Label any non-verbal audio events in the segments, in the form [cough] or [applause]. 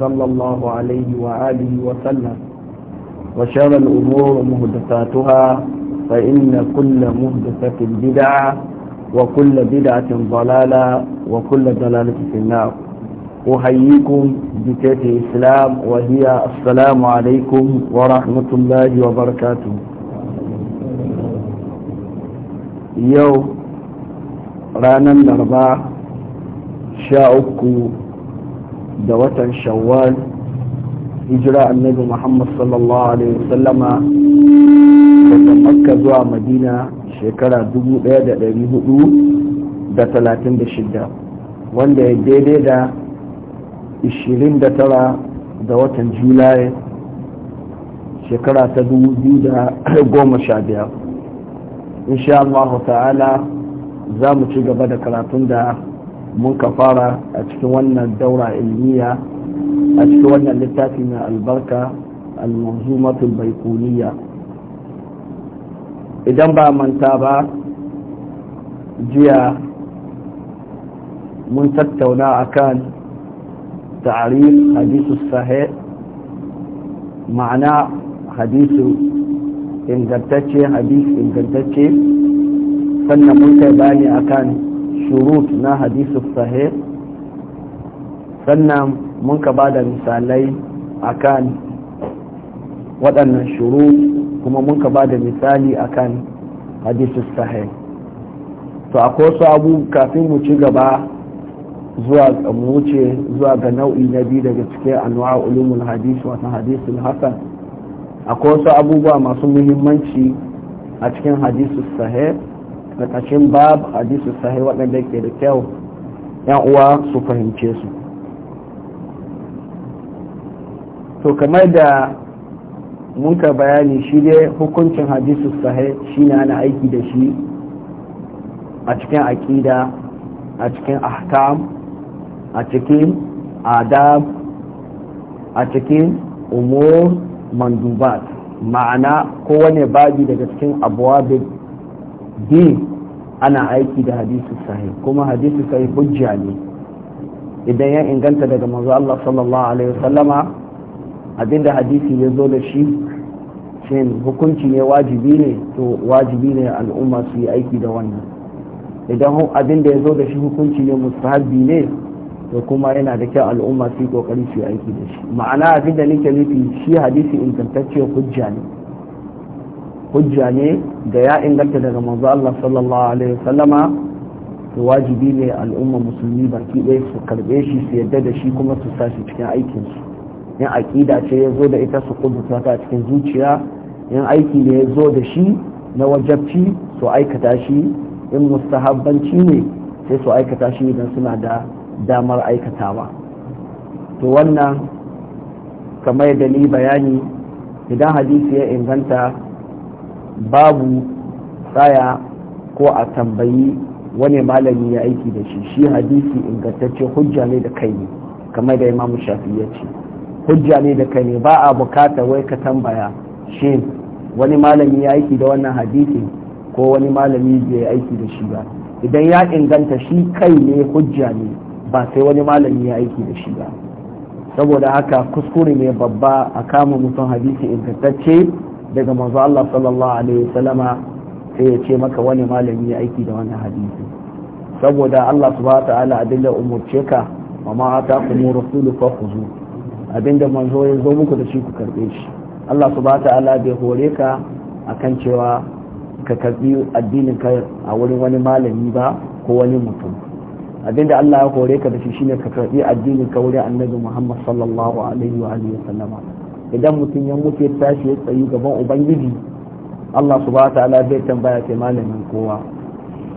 صلى الله عليه وآله وسلم وشر الأمور مهدفاتها فإن كل مهدفة بدعة وكل بدعة ضلالة وكل ضلالة في النار أحييكم بكيف الإسلام وهي السلام عليكم ورحمة الله وبركاته يوم رانا الأربعاء شاء da watan shawwal hijira annabi muhammad sallallahu alaihi wasallama daga makka zuwa madina shekara 1436 wanda ya daidai da 29 da watan julai shekara ta 2015 insha Allah ta'ala za mu ci gaba da karatun da mun ka fara a cikin wannan daura ilmiya a cikin wannan littafi mai albarka al-manzumatul baikuniya idan ba manta ba jiya mun tattauna akan ta'arif hadisu sahih ma'ana hadisu ingantacce ingantacce sannan mun kai bani akan shurut na hadisu sahih sannan mun ka ba da misalai akan waɗannan shurut kuma mun ka ba da misali akan hadisu sahih to ko su abu kafin mu ci gaba zuwa mu wuce zuwa ga nau'i na biyu daga cikin anwa ulumul hadisu wata hadisul hasan akwai wasu abubuwa masu muhimmanci a cikin hadisu sahih ƙarƙashin bab hadisu sahi waɗanda ke da kyau yan uwa su fahimce su to kamar da munka bayani shi dai hukuncin hadisu sahi shi na ana aiki da shi a cikin aƙida a cikin ahkam a cikin adab a cikin umur mandubat ma'ana kowane babi daga cikin abuwa b ana aiki da hadisu sahih kuma hadisu sahi hujja ne idan ya inganta daga manzo Allah sallallahu alaihi wasallama abinda hadisi ya zo da shi shin hukunci ne wajibi ne to wajibi ne al'umma su yi aiki da wannan idan abinda ya zo da shi hukunci ne mustahabbi ne to kuma yana da kyau al'umma su yi kokari su yi aiki da shi ma'ana abinda nake nufi shi hadisi ingantacce hujja ne hujja ne da ya inganta daga manzo Allah sallallahu alaihi wasallama to wajibi ne al'umma musulmi baki ɗaya su karbe shi su yadda da shi kuma su sa shi cikin aikin su in aƙida ce ya zo da ita su kubuta ta cikin zuciya in aiki ne ya zo da shi na wajabci su aikata shi in mustahabbanci ne sai su aikata shi idan suna da damar aikatawa to wannan kamar da ni bayani idan hadisi ya inganta babu tsaya ko a tambayi wani malami ya aiki da shi shi hadisi ingantacce hujja ne da kai ne kamar da imamu shafi ya ce hujja ne da kai ne ba a bukata wai ka tambaya shi wani malami ya aiki da wannan hadisi ko wani malami bai aiki da shi ba idan ya inganta shi kai ne hujja ne ba sai wani malami ya aiki da shi ba saboda haka kuskure ne babba a kama mutum hadisi ingantacce daga manzo Allah sallallahu alaihi wasallama sai ya ce maka wani malami ya aiki da wannan hadisi saboda Allah subhanahu ta'ala abinda umurce ka wa ma atakum rasulu fakhuzu abinda manzo ya zo muku da shi ku karbe shi Allah subhanahu ta'ala bai hore ka akan cewa ka karbi addinin ka a wurin wani malami ba ko wani mutum abinda Allah ya hore ka da shi shine ka karbi addinin ka wurin annabi Muhammad sallallahu alaihi wa alihi wasallama idan mutum ya mutu ya tashi ya tsayi gaban ubangiji Allah ba ta'ala zai tambaya ce malamin kowa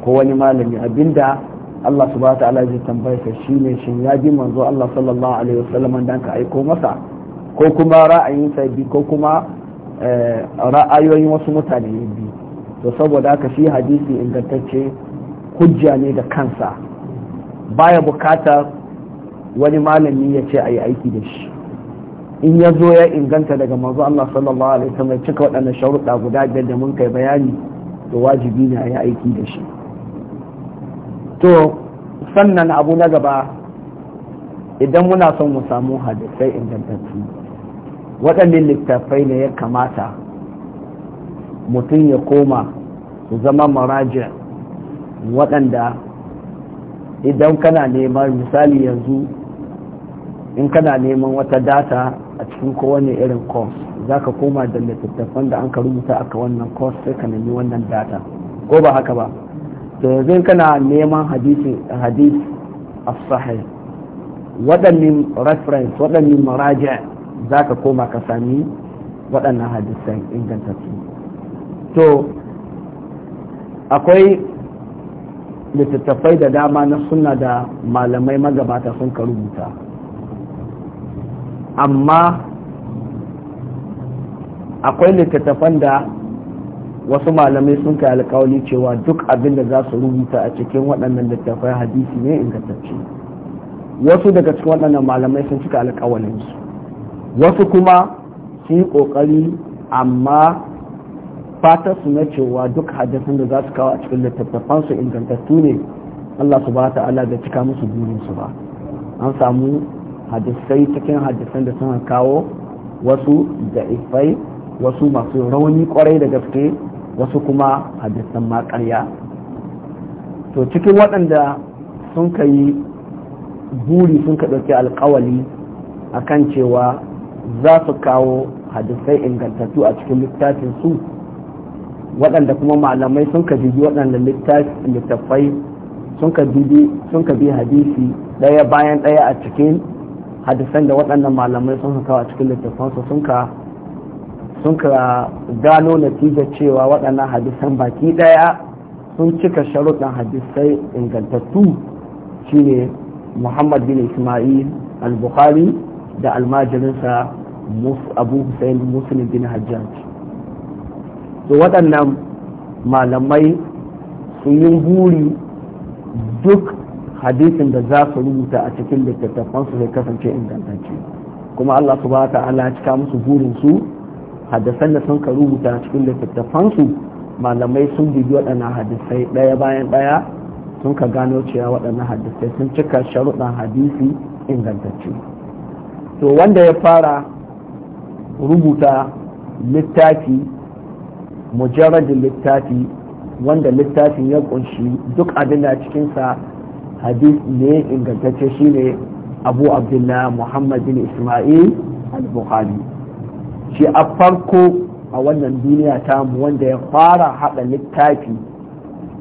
ko wani malami abinda Allah ba ta'ala zai tambaya ka ne shin ya bi manzo Allah sallallahu alaihi wasallam dan ka aiko masa ko kuma ra'ayin sa bi ko kuma eh, ra'ayoyin wasu mutane bi to saboda haka shi hadisi ingantacce hujja ne da kansa baya bukatar wani malami ya ce a yi aiki da shi in ya zo ya inganta daga manzo Allah sallallahu alaihi wasallam cika waɗannan sharuɗa guda biyar da mun kai bayani to wajibi ne a yi aiki da shi to sannan abu na gaba idan muna son mu samu hadisai ingantattu waɗannan littattafai ne ya kamata mutum ya koma su zama maraji waɗanda idan kana neman misali yanzu in kana neman wata data a cikin kowane irin course za ka koma da littattafan da an ka rubuta aka wannan course sai ka nemi wannan data ko ba haka ba to yanzu kana neman hadisi hadith as-sahih waɗannan reference waɗannan maraja za ka koma ka sami waɗannan hadisan su to akwai littattafai da dama na suna da malamai magabata sun ka rubuta amma akwai littattafan da wasu malamai sun kai alkawali cewa duk abin da za su rubuta a cikin waɗannan littattafai hadisi ne ingantacce wasu daga cikin waɗannan malamai sun cika alkawalinsu wasu kuma sun yi ƙoƙari amma fatar su na cewa duk hadisin da za su kawo a cikin littattafansu ingantattu ne Allah su ba ta'ala da cika musu burinsu ba an samu hadisai cikin hadisan da suna kawo wasu da'ifai wasu masu rauni kwarai da gaske wasu kuma hadisan makarya to cikin waɗanda sun ka yi buri sun ka ɗauki alkawali a kan cewa za su kawo hadisai ingantattu a cikin littafin su waɗanda kuma malamai sun ka dubi waɗanda littafai sun ka bi hadisi ɗaya bayan ɗaya a cikin hadisan da waɗannan malamai sun kawo a cikin littattafansu sun ka sun ka gano natija cewa waɗannan hadisan baki ɗaya sun cika sharuɗin hadisai ingantattu shine muhammad bin ismail al-bukhari da almajirinsa abu hussein muslim bin hajjaj to waɗannan malamai sun yi buri duk hadisin da za su rubuta a cikin littattafan su zai kasance ingantacce kuma Allah su ta'ala ya cika musu burin su hadisan da sun ka rubuta a cikin littattafansu malamai sun bibi waɗannan hadisai ɗaya bayan ɗaya sun ka gano cewa waɗannan hadisai sun cika sharuɗan hadisi ingantacce to wanda ya fara rubuta littafi mujarradin littafi wanda littafin ya kunshi duk abin da cikinsa hadis ne ingantacce shine abu abdullah muhammad bin isma'il al-bukhari shi a farko a wannan duniya mu wanda ya fara haɗa littafi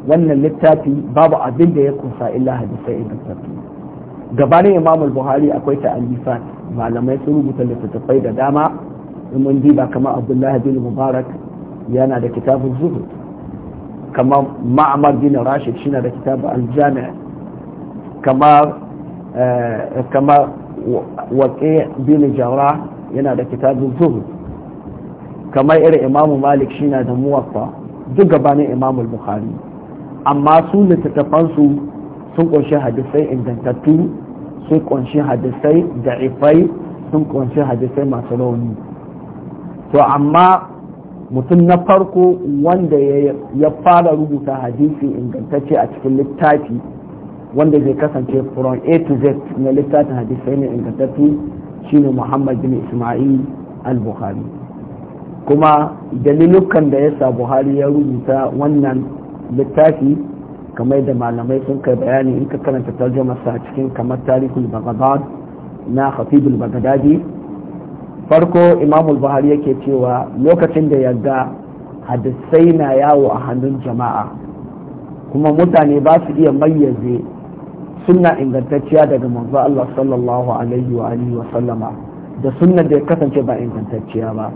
wannan littafi babu abin da ya kusa illa hadisai ingantattu gabanin imam al-buhari akwai ta'alifat malamai sun rubuta littattafai da dama in mun diba kamar abdullahi bin mubarak yana da kitabun zuhud kamar ma'amar bin rashid shi na da kitabun al jami'a kamar eh, kamar waƙe bin jara yana da kitabin zuhud kamar irin imamu malik shi na da muwaffa duk gabanin imamu bukhari amma su littattafansu sun ƙunshi hadisai ingantattu sun ƙunshi hadisai da ifai sun ƙunshi hadisai masu rauni to amma mutum na farko wanda ya fara rubuta hadisi ingantacce a cikin littafi wanda zai kasance from a to z na littafin hadisai ne ingantattu shine muhammad bin isma'il al-bukhari kuma dalilukan da yasa buhari ya rubuta wannan littafi kamar da malamai sun kai bayani in ka karanta tarjumarsa cikin kamar tarihul bagadad na hafibul bagadadi farko imamul buhari yake cewa lokacin da yadda hadisai na yawo a hannun jama'a kuma mutane ba su iya mayyaze sunna ingantacciya daga manzo Allah sallallahu alaihi wa alihi wa sallama da sunnar da ya kasance ba ingantacciya ba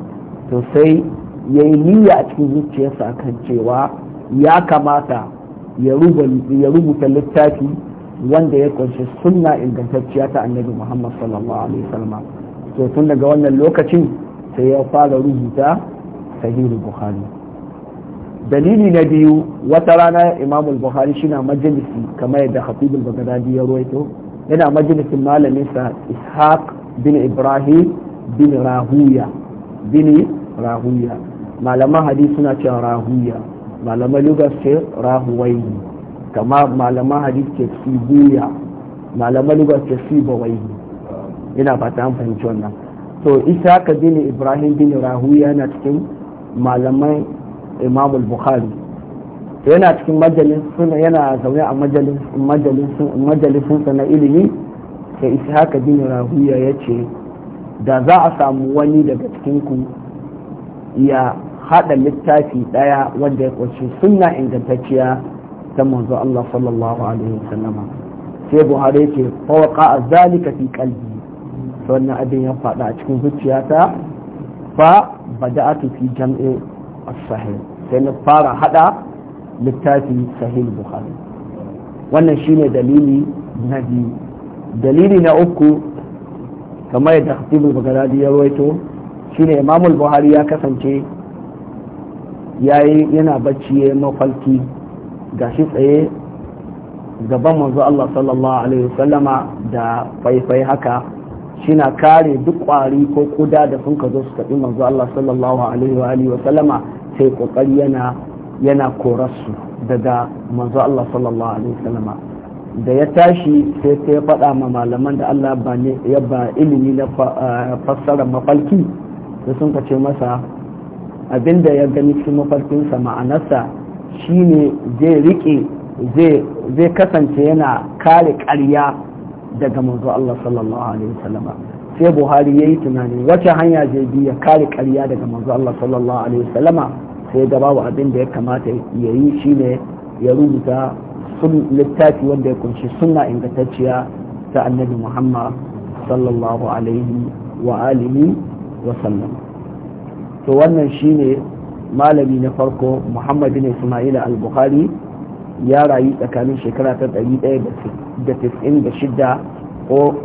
to sai ya yi niyya a cikin zuciyarsa akan cewa ya kamata ya rubuta littafi wanda ya kunshi sunna ingantacciya ta annabi Muhammad sallallahu alaihi wa sallama to tun daga wannan lokacin sai ya fara rubuta sahihul bukhari dalili na biyu wata rana imam al-bukhari shina majalisi kamar yadda khatib al-baghdadi ya ruwaito yana majalisin malaminsa ishaq bin ibrahim bin rahuya bin rahuya malaman hadisi suna cewa rahuya malaman lugas ce rahuwai kama malaman hadisi ce sibuya malaman lugas ce sibawai ina fata ta fahimci wannan to ishaq bin ibrahim bin rahuya na cikin malaman imam al-bukhari yana cikin yana zaune a majalisun na ilimi sai ishaq bin rahuya ya ce da za a samu wani daga cikin ya haɗa littafi ɗaya wanda ya ƙunshi sunna ingantacciya ta manzo Allah sallallahu alaihi wasallama sai buhari ce fawqa azalika fi qalbi wannan abin ya faɗa a cikin zuciyata fa bada'atu fi jam'i as sai na fara hada littafi sahih bukhari wannan shine dalili na biyu dalili na uku kamar yadda khatibul baghdadi ya rawaito shine imamul buhari ya kasance yayi yana bacci ya mafalki gashi tsaye gaban manzo Allah sallallahu alaihi wasallama da faifai haka shina kare duk kwari ko kuda da sun ka zo su taɓi manzo Allah sallallahu alaihi wa alihi wasallama sai kokari yana yana korarsu daga manzo Allah sallallahu alaihi wasallam da ya tashi sai sai ya faɗa ma malaman da Allah ba ne ya ba ilimi na fassara mafalki da sun ce masa abinda ya gani cikin mafalkinsa ma'anarsa shine zai rike zai kasance yana kare ƙarya daga manzo Allah sallallahu alaihi wasallam sai Buhari yayi tunani wace hanya zai bi ya kare ƙarya daga manzo Allah sallallahu alaihi wasallam sai ga babu abin da ya kamata ya yi shine ya rubuta sun littafi wanda ya kunshi suna ingantacciya ta annabi muhammad sallallahu alaihi wa alihi wa sallam to wannan shine malami na farko muhammad bin ismaila al-bukhari ya rayu tsakanin shekara ta 196 ko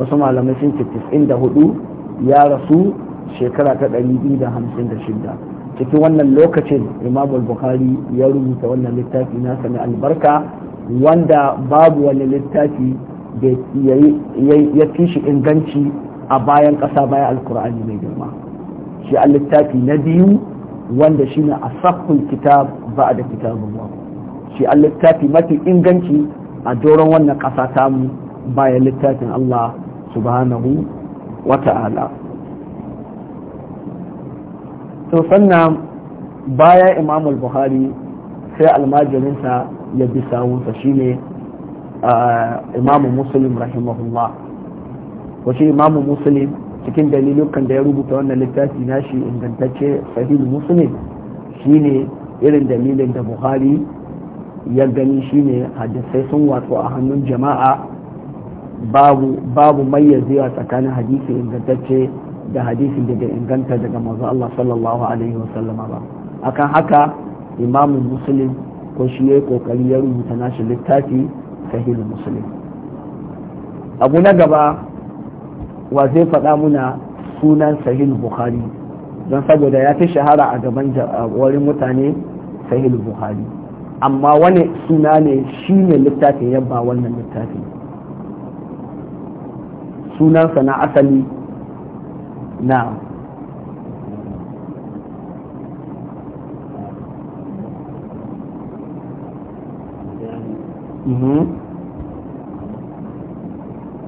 wasu malamai sun ce 94 ya rasu shekara ta 256 cikin wannan lokacin imam al-bukhari ya rubuta wannan littafi nasa na albarka wanda babu wani littafi da ya fi shi inganci a bayan ƙasa bayan alkur'ani mai girma shi a littafi na biyu wanda shi ne a sahun kitab ba da kitabun ba, shi a littafi mafi inganci a doron wannan ƙasa tamu bayan littafin allah subhanahu wa ta'ala to sannan baya imam buhari sai almajirinsa ya bi sawunsa shine imam musulun rahimahullah wace imam musulun cikin dalilokan da ya rubuta wannan littafi na shi ingantacce sahih shi shine irin dalilin da buhari ya gani shine hadisai sun wato a hannun jama'a babu babu mayyazewa tsakanin hadisi ingantacce da hadisin da bai inganta daga manzo Allah sallallahu alaihi wasallama ba akan haka imamin muslim ko shi ne kokari ya rubuta nashi littafi sahih muslim abu na gaba wa zai faɗa muna sunan sahih bukhari don saboda ya fi shahara a gaban wurin mutane sahil bukhari amma wani suna ne shi ne littafin yabba wannan littafin sunansa na asali نعم مه.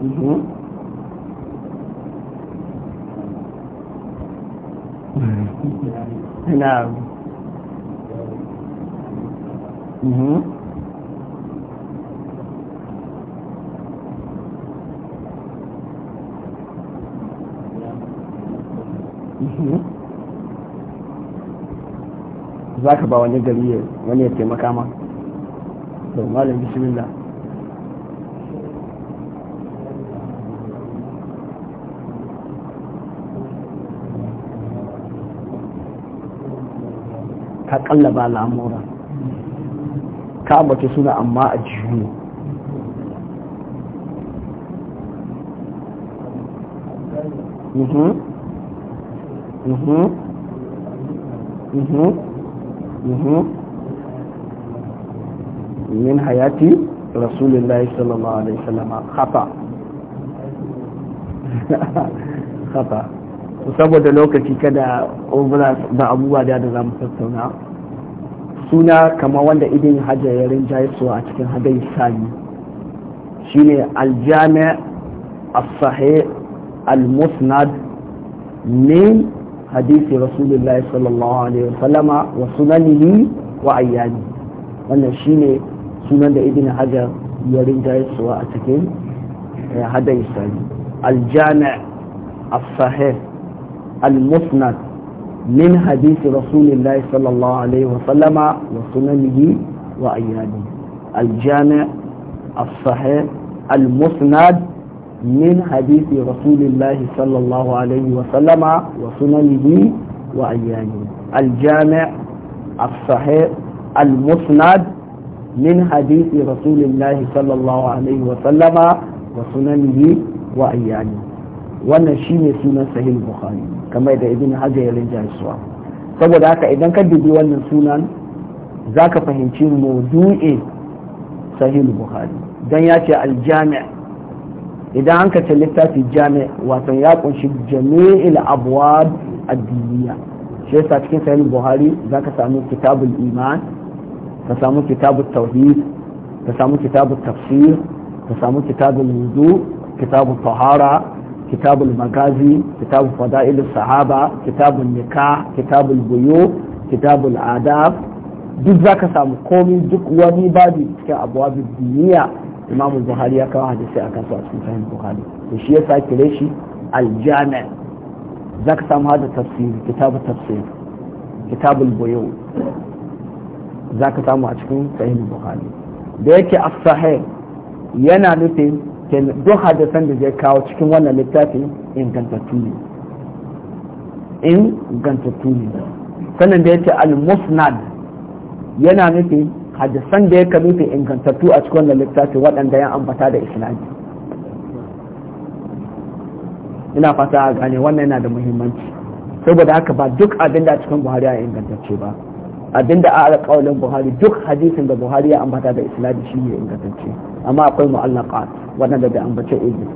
مه. نعم مه. za ka ba wani gari wani ya taimaka ma da malam bishimila ka kallaba lamura ka ambace suna amma a jihu Mm-hmm. Mm-hmm. Mm-hmm. Mm-hmm. min hayati rasulillah sallallahu alaihi wasallam khata [laughs] khata saboda lokaci kada obula da abubuwa da za mu tattauna suna kama wanda idin hajjar ya rinjaye su a cikin hadai sami shine aljami as-sahih al-musnad min حديث رسول الله صلى الله عليه وسلم وسننه وعيانه وانا شيني سنن ابن حجر يرين سواء تكين آه، هذا يسال الجامع الصحيح المسند من حديث رسول الله صلى الله عليه وسلم وسننه وعيانه الجامع الصحيح المسند من حديث رسول الله صلى الله عليه وسلم وسننه وأيامه الجامع الصحيح المسند من حديث رسول الله صلى الله عليه وسلم وسننه وأيامه wannan shi ne sunan sahih bukhari kamar da ibn hajar ya rinja suwa saboda haka idan ka dubi wannan sunan za ka fahimci maudu'in sahih bukhari don ya ce idan an kace littafi jami wato ya kunshi jami'il abwab addiniya shi yasa cikin sahih buhari zaka samu kitabul iman ka samu kitabul tauhid ka samu kitabul tafsir ka samu kitabul wudu kitabul tahara kitabul magazi kitabul fada'il sahaba kitabul nikah kitabul buyu kitabul adab duk zaka samu komai duk wani babu cikin abwabul duniya imamu buhari ya kawo hadisi a kansu a cikin sahih buhari to shi yasa kire shi aljami za ka samu hada tafsir kitabu tafsir kitabul buyu za ka samu a cikin sahih buhari da yake as-sahih yana nufin duk hadisan da zai kawo cikin wannan littafin in tuni ne ganta ne sannan da yake al-musnad yana nufin hadisan da ya da ingantattu a cikin wannan littafi waɗanda ya ambata da islami ina fata a gane wannan yana da muhimmanci saboda haka ba duk abin da a cikin buhari ya ingantacce ba abin da a alƙawalin buhari duk hadisin da buhari ya ambata da islami shi ne ingantacce amma akwai muallaka waɗanda bai ambace ilmi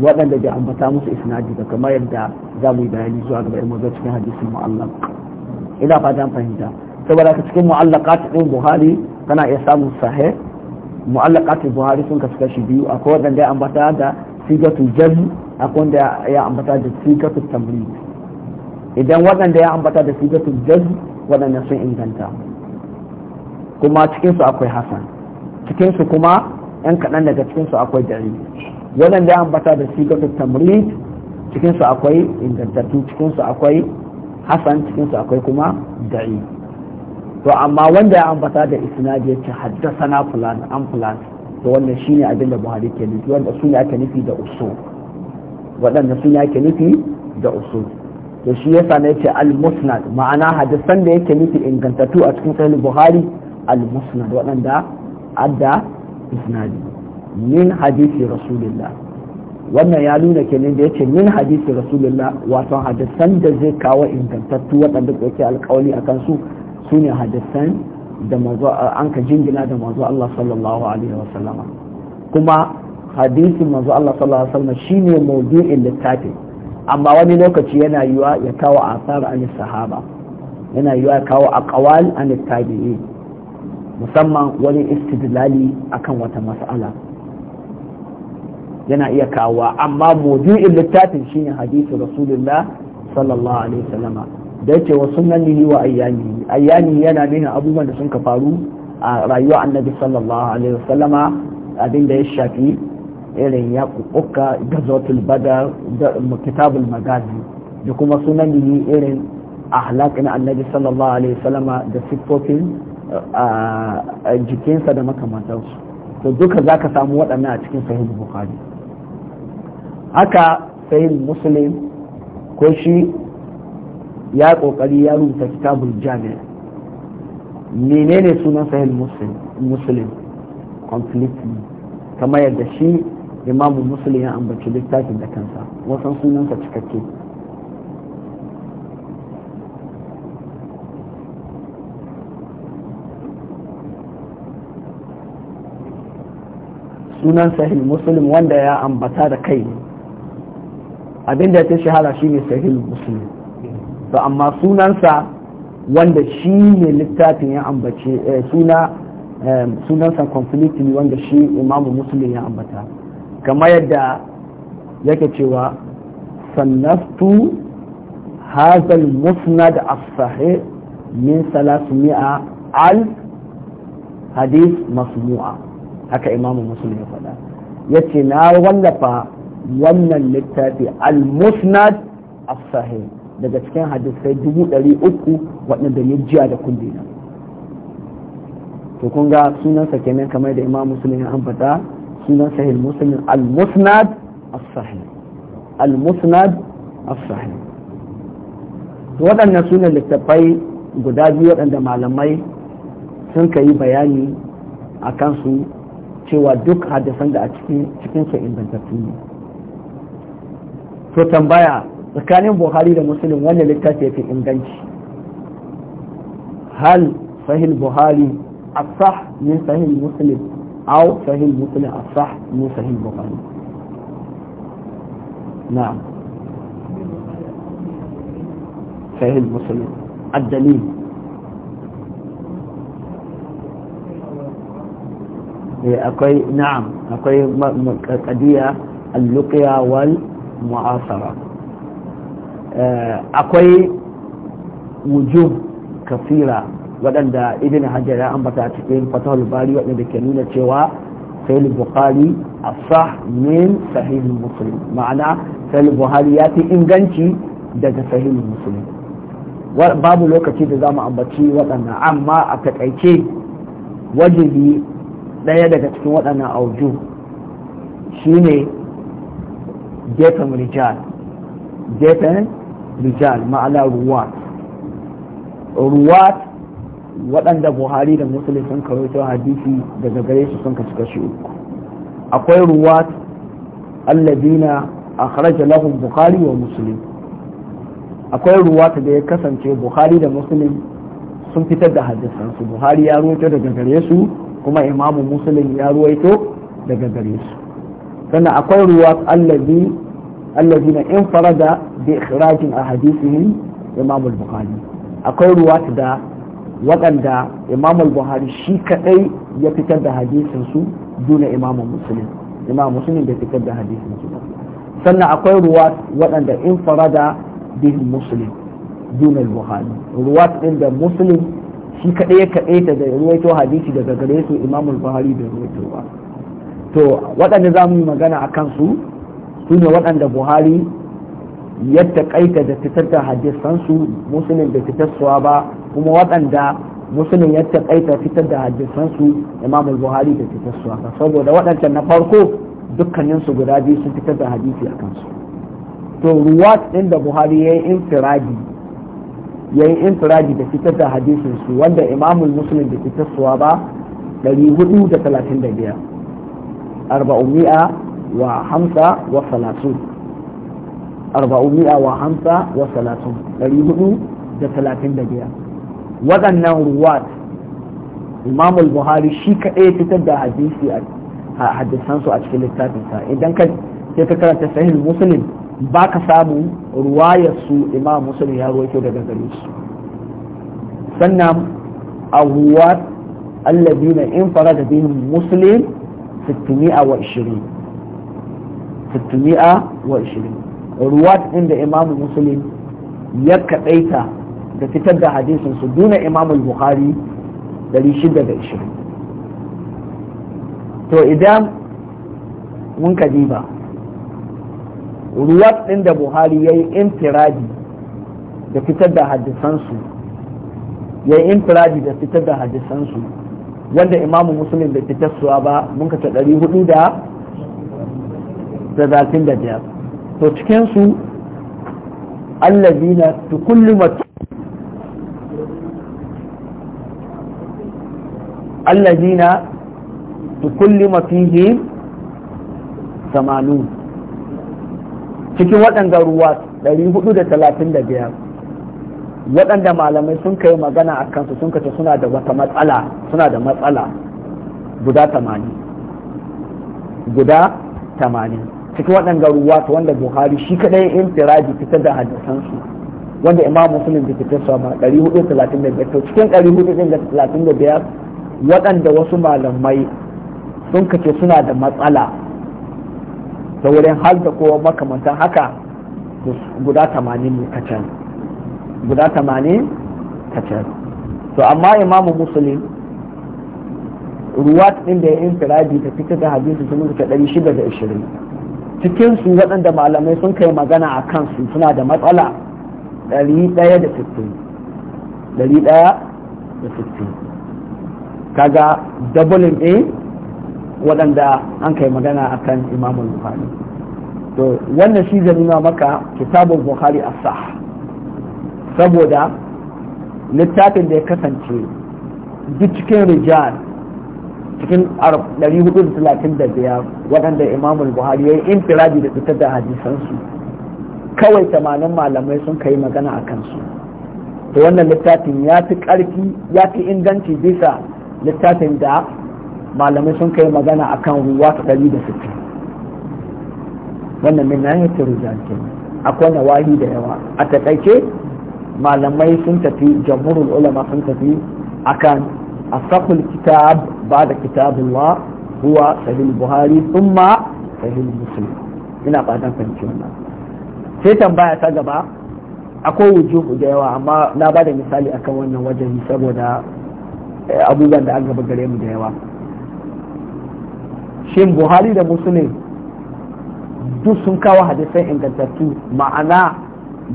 waɗanda bai ambata musu isnadi da kamar yadda za mu yi bayani zuwa gaba in cikin hadisin muallaka ina fata fahimta saboda ka cikin mu'allaqat din buhari kana iya samun sahih mu'allaqat buhari sun kasu kashi biyu akwai wanda ya ambata da sigatul jazm akwai wanda ya ambata da sigatul tamrid idan waɗanda ya ambata da sigatul jazm waɗanda sun inganta kuma cikinsu akwai hasan cikinsu kuma yan kaɗan daga cikinsu akwai dari wadanda ya ambata da sigatul tamrid cikinsu akwai ingantattu cikinsu akwai hasan cikinsu akwai kuma dari to amma wanda ya ambata da isnadi yace haddasana fulan an fulan to wannan shine abin da Buhari ke nufi wanda su ne ake nufi da usul waɗanda su ne ake nufi da usul to shi yasa ne yace al-musnad ma'ana hadisan da yake nufi ingantattu a cikin sahih Buhari al-musnad wadanda adda isnadi min hadisi rasulillah wannan ya nuna kenan da yace min hadisi rasulillah wato hadisan da zai kawo ingantattu waɗanda yake alƙawari akan su su ne hadisan da manzo an ka jingina da manzo Allah sallallahu alaihi wa sallama kuma hadisin manzo Allah sallallahu alaihi wa sallama shine maudu'in littafi amma wani lokaci yana yiwa ya kawo asar an sahaba yana yiwa ya kawo aqwal an tabi'i musamman wani istidlali akan wata mas'ala yana iya kawo amma maudu'in littafin shine hadisi rasulullah sallallahu alaihi wa sallama da yake wa sunanihi wa ayyami ayyami yana nuna abubuwan da sun ka faru a rayuwa annabi sallallahu alaihi wasallama abin da ya shafi irin ya kuka gazotul badar da kitabul magazi da kuma sunanihi irin ahlak na annabi sallallahu alaihi wasallama da siffofin jikinsa da makamantarsu to duka za ka samu waɗannan a cikin sahih bukhari haka sahih muslim ko shi ya kokari ya rubuta kitabul jami' menene sunan sahih muslim muslim completely kamar yadda shi imamu muslim ya ambaci littafin da kansa wasan sunansa cikakke sunan sahih muslim wanda ya ambata da kai abinda ya ta shahara shine sahih muslim to amma sunansa wanda shi ne littafin ya ambace eh, suna eh, sunansa completely wanda shi imamu muslim ya ambata kamar yadda yake cewa sannastu hazal musnad as-sahih min 300 al hadith masmu'a haka imamu muslim ya faɗa ya ce na wallafa wannan littafi al-musnad as-sahih daga cikin hadisai dubu ɗari uku waɗanda ya jiya da kundi na to kun ga sunansa kenan kamar da imam Musulmi ya ambata sunan sahih al-musnad as sahil al-musnad as sahil waɗannan sunan littattafai guda biyu waɗanda malamai sun ka yi bayani a kansu cewa duk hadisan da a cikin cikinsa ingantattu ne to tambaya tsakanin buhari da musulun wanda littafi yake inganci hal sahil buhari asah min sahil muslim aw sahil muslim asah min sahil buhari na'am sahil muslim الدليل akwai na'am akwai kadiya al-luqya wal mu'asara Eh, akwai wujub kafira waɗanda ibn hajar ya ambata a cikin fatahul bari waɗanda ke nuna cewa Sayyid bukhari asah min sahih muslim ma'ana sahih bukhari ya fi inganci daga sahih muslim babu lokaci da zamu ambaci waɗannan amma a takaice wajibi ɗaya daga cikin waɗannan auju shine gefen rijal gefen rijal ma'ana ruwat ruwat waɗanda buhari da Musulmi sun karoto hadisi daga gare su sun kaci kashi uku akwai ruwat alladina akhraja lahum Buhari wa Musulmi, akwai ruwat da ya kasance Buhari da Musulmi sun fitar da hadisan buhari ya ruwaito daga gare su kuma imamu Musulmi ya ruwaito daga gare su sannan akwai ruwat allazi allazina infarada bi ikhrajin ahadithihim imam al-bukhari akwai ruwat da waɗanda imam al shi kadai ya fitar da hadisin su duna imam muslim imam bai fitar da hadisin sannan akwai ruwat waɗanda infarada bihim muslim duna al-bukhari ruwat din da muslim shi kadai ya kadaita da ruwaito hadisi daga gare su bai ba to waɗanda za mu yi magana a kansu su ne waɗanda buhari yadda kaita da fitar da hadisansu musulun da fitar suwa ba kuma waɗanda musulun yadda kaita fitar da hadisansu imam buhari da fitar suwa ba saboda waɗancan na farko dukkaninsu guda biyu sun fitar da hadisi a kansu to ruwat ɗin da buhari ya yi infiradi ya yi infiradi da fitar da hadisinsu wanda Imam musulun da fitar suwa ba 435 arba'umi'a وخمسة وثلاثون أربعمائة وخمسة وثلاثون لريبه دثلاثين دقيقة وذن رواة إمام البخاري شيك إيه تتدى حديثي حدثان سو أشكال التاتنسا إذن كان تذكر تسهيل المسلم باك سامو رواية سو إمام مسلم يا رويتو دقيقة سنم الرواة الذين انفرد بهم مسلم 620 620 ruwat ɗin da imam muslim ya kadaita da fitar da hadisin su duna imam bukhari 620 to idan mun diba ruwat ɗin da buhari ya yi intiradi da fitar da hadisansu ya yi infiradi da fitar da hadisansu wanda imamu muslim bai fitar suwa ba mun 400 da zafin da biyar to cikinsu allazina tu kullu allazina tu kullu mafihim samanu cikin waɗanda ruwa 435 waɗanda malamai sun kai magana a kansu sun kace suna da wata matsala suna da matsala guda 80 guda 80 cikin waɗanda ruwa ta wanda buhari shi kadai firaji fitar da hadisansu wanda imam musulun bai fitar sa ba da to cikin da talatin biyar waɗanda wasu malamai sun kace suna da matsala ta wurin halda ko makamantan haka guda tamanin ne kacan guda ka kacan to amma imam musulun ruwa ɗin da ya infiraji ta fitar da hadisi sun kace ashirin. cikin su waɗanda malamai sun kai magana a kansu suna da matsala 160 kaga dabbalin a waɗanda an kai magana a kan imamun buhari to wannan shi zai nuna maka kitabun buhari a sah saboda littafin da ya kasance duk cikin rijal cikin 435 waɗanda imamul buhari ya yi infiradi da fitar da hadisansu kawai tamanin malamai sun kai magana a kansu to wannan littafin ya fi ƙarfi ya fi inganci bisa littafin da malamai sun kai magana a kan ruwa ta da sittin wannan min nan yake rujanke akwai nawahi da yawa a taƙaice malamai sun tafi jamhurul ulama sun tafi akan أصح الكتاب بعد كتاب الله هو صحيح البخاري ثم صحيح مسلم ina fatan fahimci wannan sai tambaya ta gaba akwai wujuhu da yawa amma na ba da misali akan wannan wajen saboda abubuwan da an gaba gare mu da yawa shin buhari da musulun duk sun kawo hadisan ingantattu ma'ana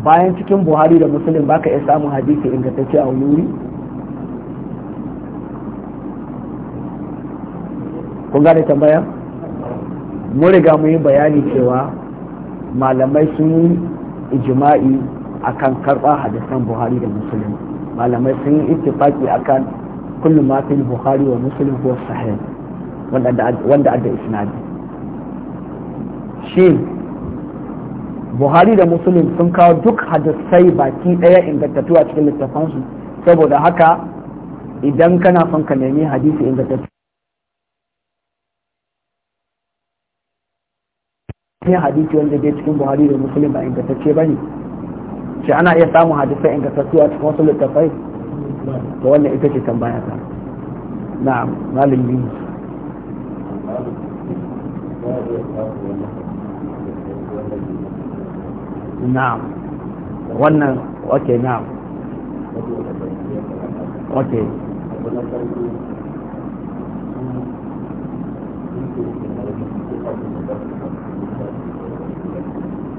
bayan cikin buhari da musulun baka iya samun hadisi ingantacce a wuri kun gane tambaya mu riga mu yi bayani cewa malamai sun yi ijima'i akan karɓa hadisan buhari da musulun malamai sun yi ittifaki akan kullum ma buhari wa musulun ko sahih wanda adda isnadi shi buhari da musulun sun kawo duk hadisai baki ɗaya ingantattu a cikin littafansu saboda haka idan kana son ka nemi hadisi ingantattu ingantaccen hadisi wanda dai cikin buhari da musulun ba ingantacce ba ne shi ana iya samun hadisai ingantattu a cikin wasu littattafai to wannan ita ce tambaya ta na malam yunus na'am wannan ok na'am ok Thank you.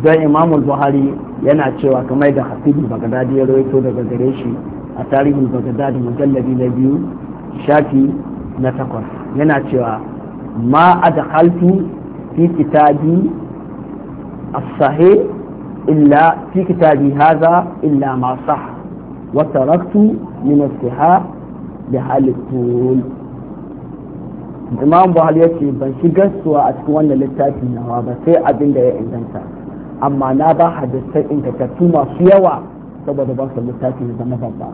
don imamul buhari yana cewa kamar da hafidu bagadadi ya rawaito daga gare shi a tarihin bagadadi mujallabi na biyu shafi na takwas yana cewa ma adkhaltu fi kitabi as illa fi kitabi hadha illa ma sah wa min as-sihah bi imam buhari yace ban shigar suwa a cikin wannan littafi nawa ba sai abin da ya inganta amma na ba hadisai ingantattu masu yawa saboda ban san littafi da zama babba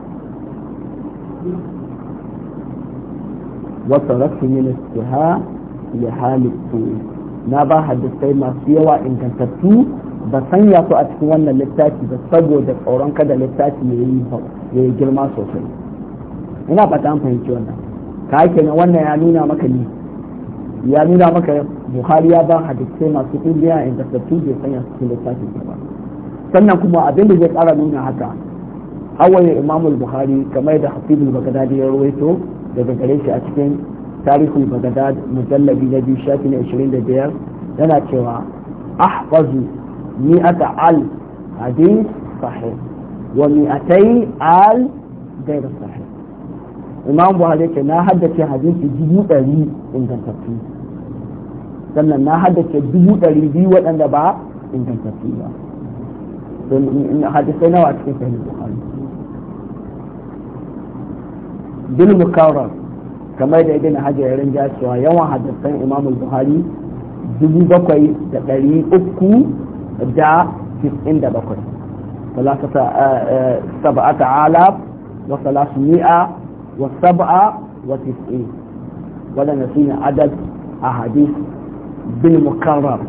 wasu rasu yin istiha ya halittu na ba hadisai masu yawa ingantattu ba sanya su a cikin wannan littafi ba saboda tsoron kada littafi ya yi girma sosai ina fata an fahimci wannan ka kenan wannan ya nuna maka ne ya nuna maka buhari ya ba hadisai masu ɗubiya ingantattu bai sanya su cikin littafin ba sannan kuma abin da zai ƙara nuna haka hawaye imamul buhari kamar da hafizul bagadadi ya rawaito daga gare shi a cikin tarihul bagadad mujallabi na biyu shafi na ishirin da biyar yana cewa ahfazu mi'ata al hadis sahih wa mi'atai al gair sahih imam buhari ce na haddace hadisi dubu ɗari ingantattu sannan na haddace dubu ɗari biyu waɗanda ba ingantattu ba hadisai nawa a cikin sahih bukhari bil mukarrar kamar da ibn hajar yarin ja cewa yawan hadisan imam bukhari dubu bakwai da ɗari uku da tis'in da bakwai eh, eh, saba'a ta'ala, wa salasu mi'a wa saba'a wa tis'in waɗanda su ne adad a hadis bil mukarrar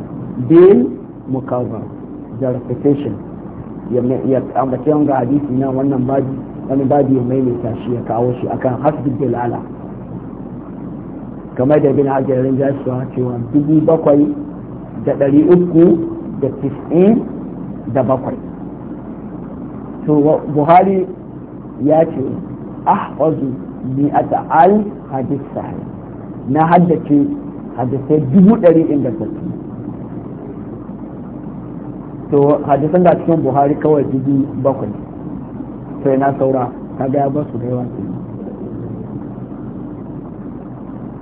bin mukarrar verification ya ambace wanga hadisi na wannan babi wani babi ya maimaita shi ya kawo shi akan hasbi dalala kamar da bin hajjarin jasuwa cewa dubu bakwai da ɗari uku da tis'in da bakwai to buhari ya ce ahwazu ni a ta'al hadis na haddace hadisai dubu ɗari ingantattu to hadisan da cikin buhari kawai dubu bakwai sai na saura ta gaya ba su da yawa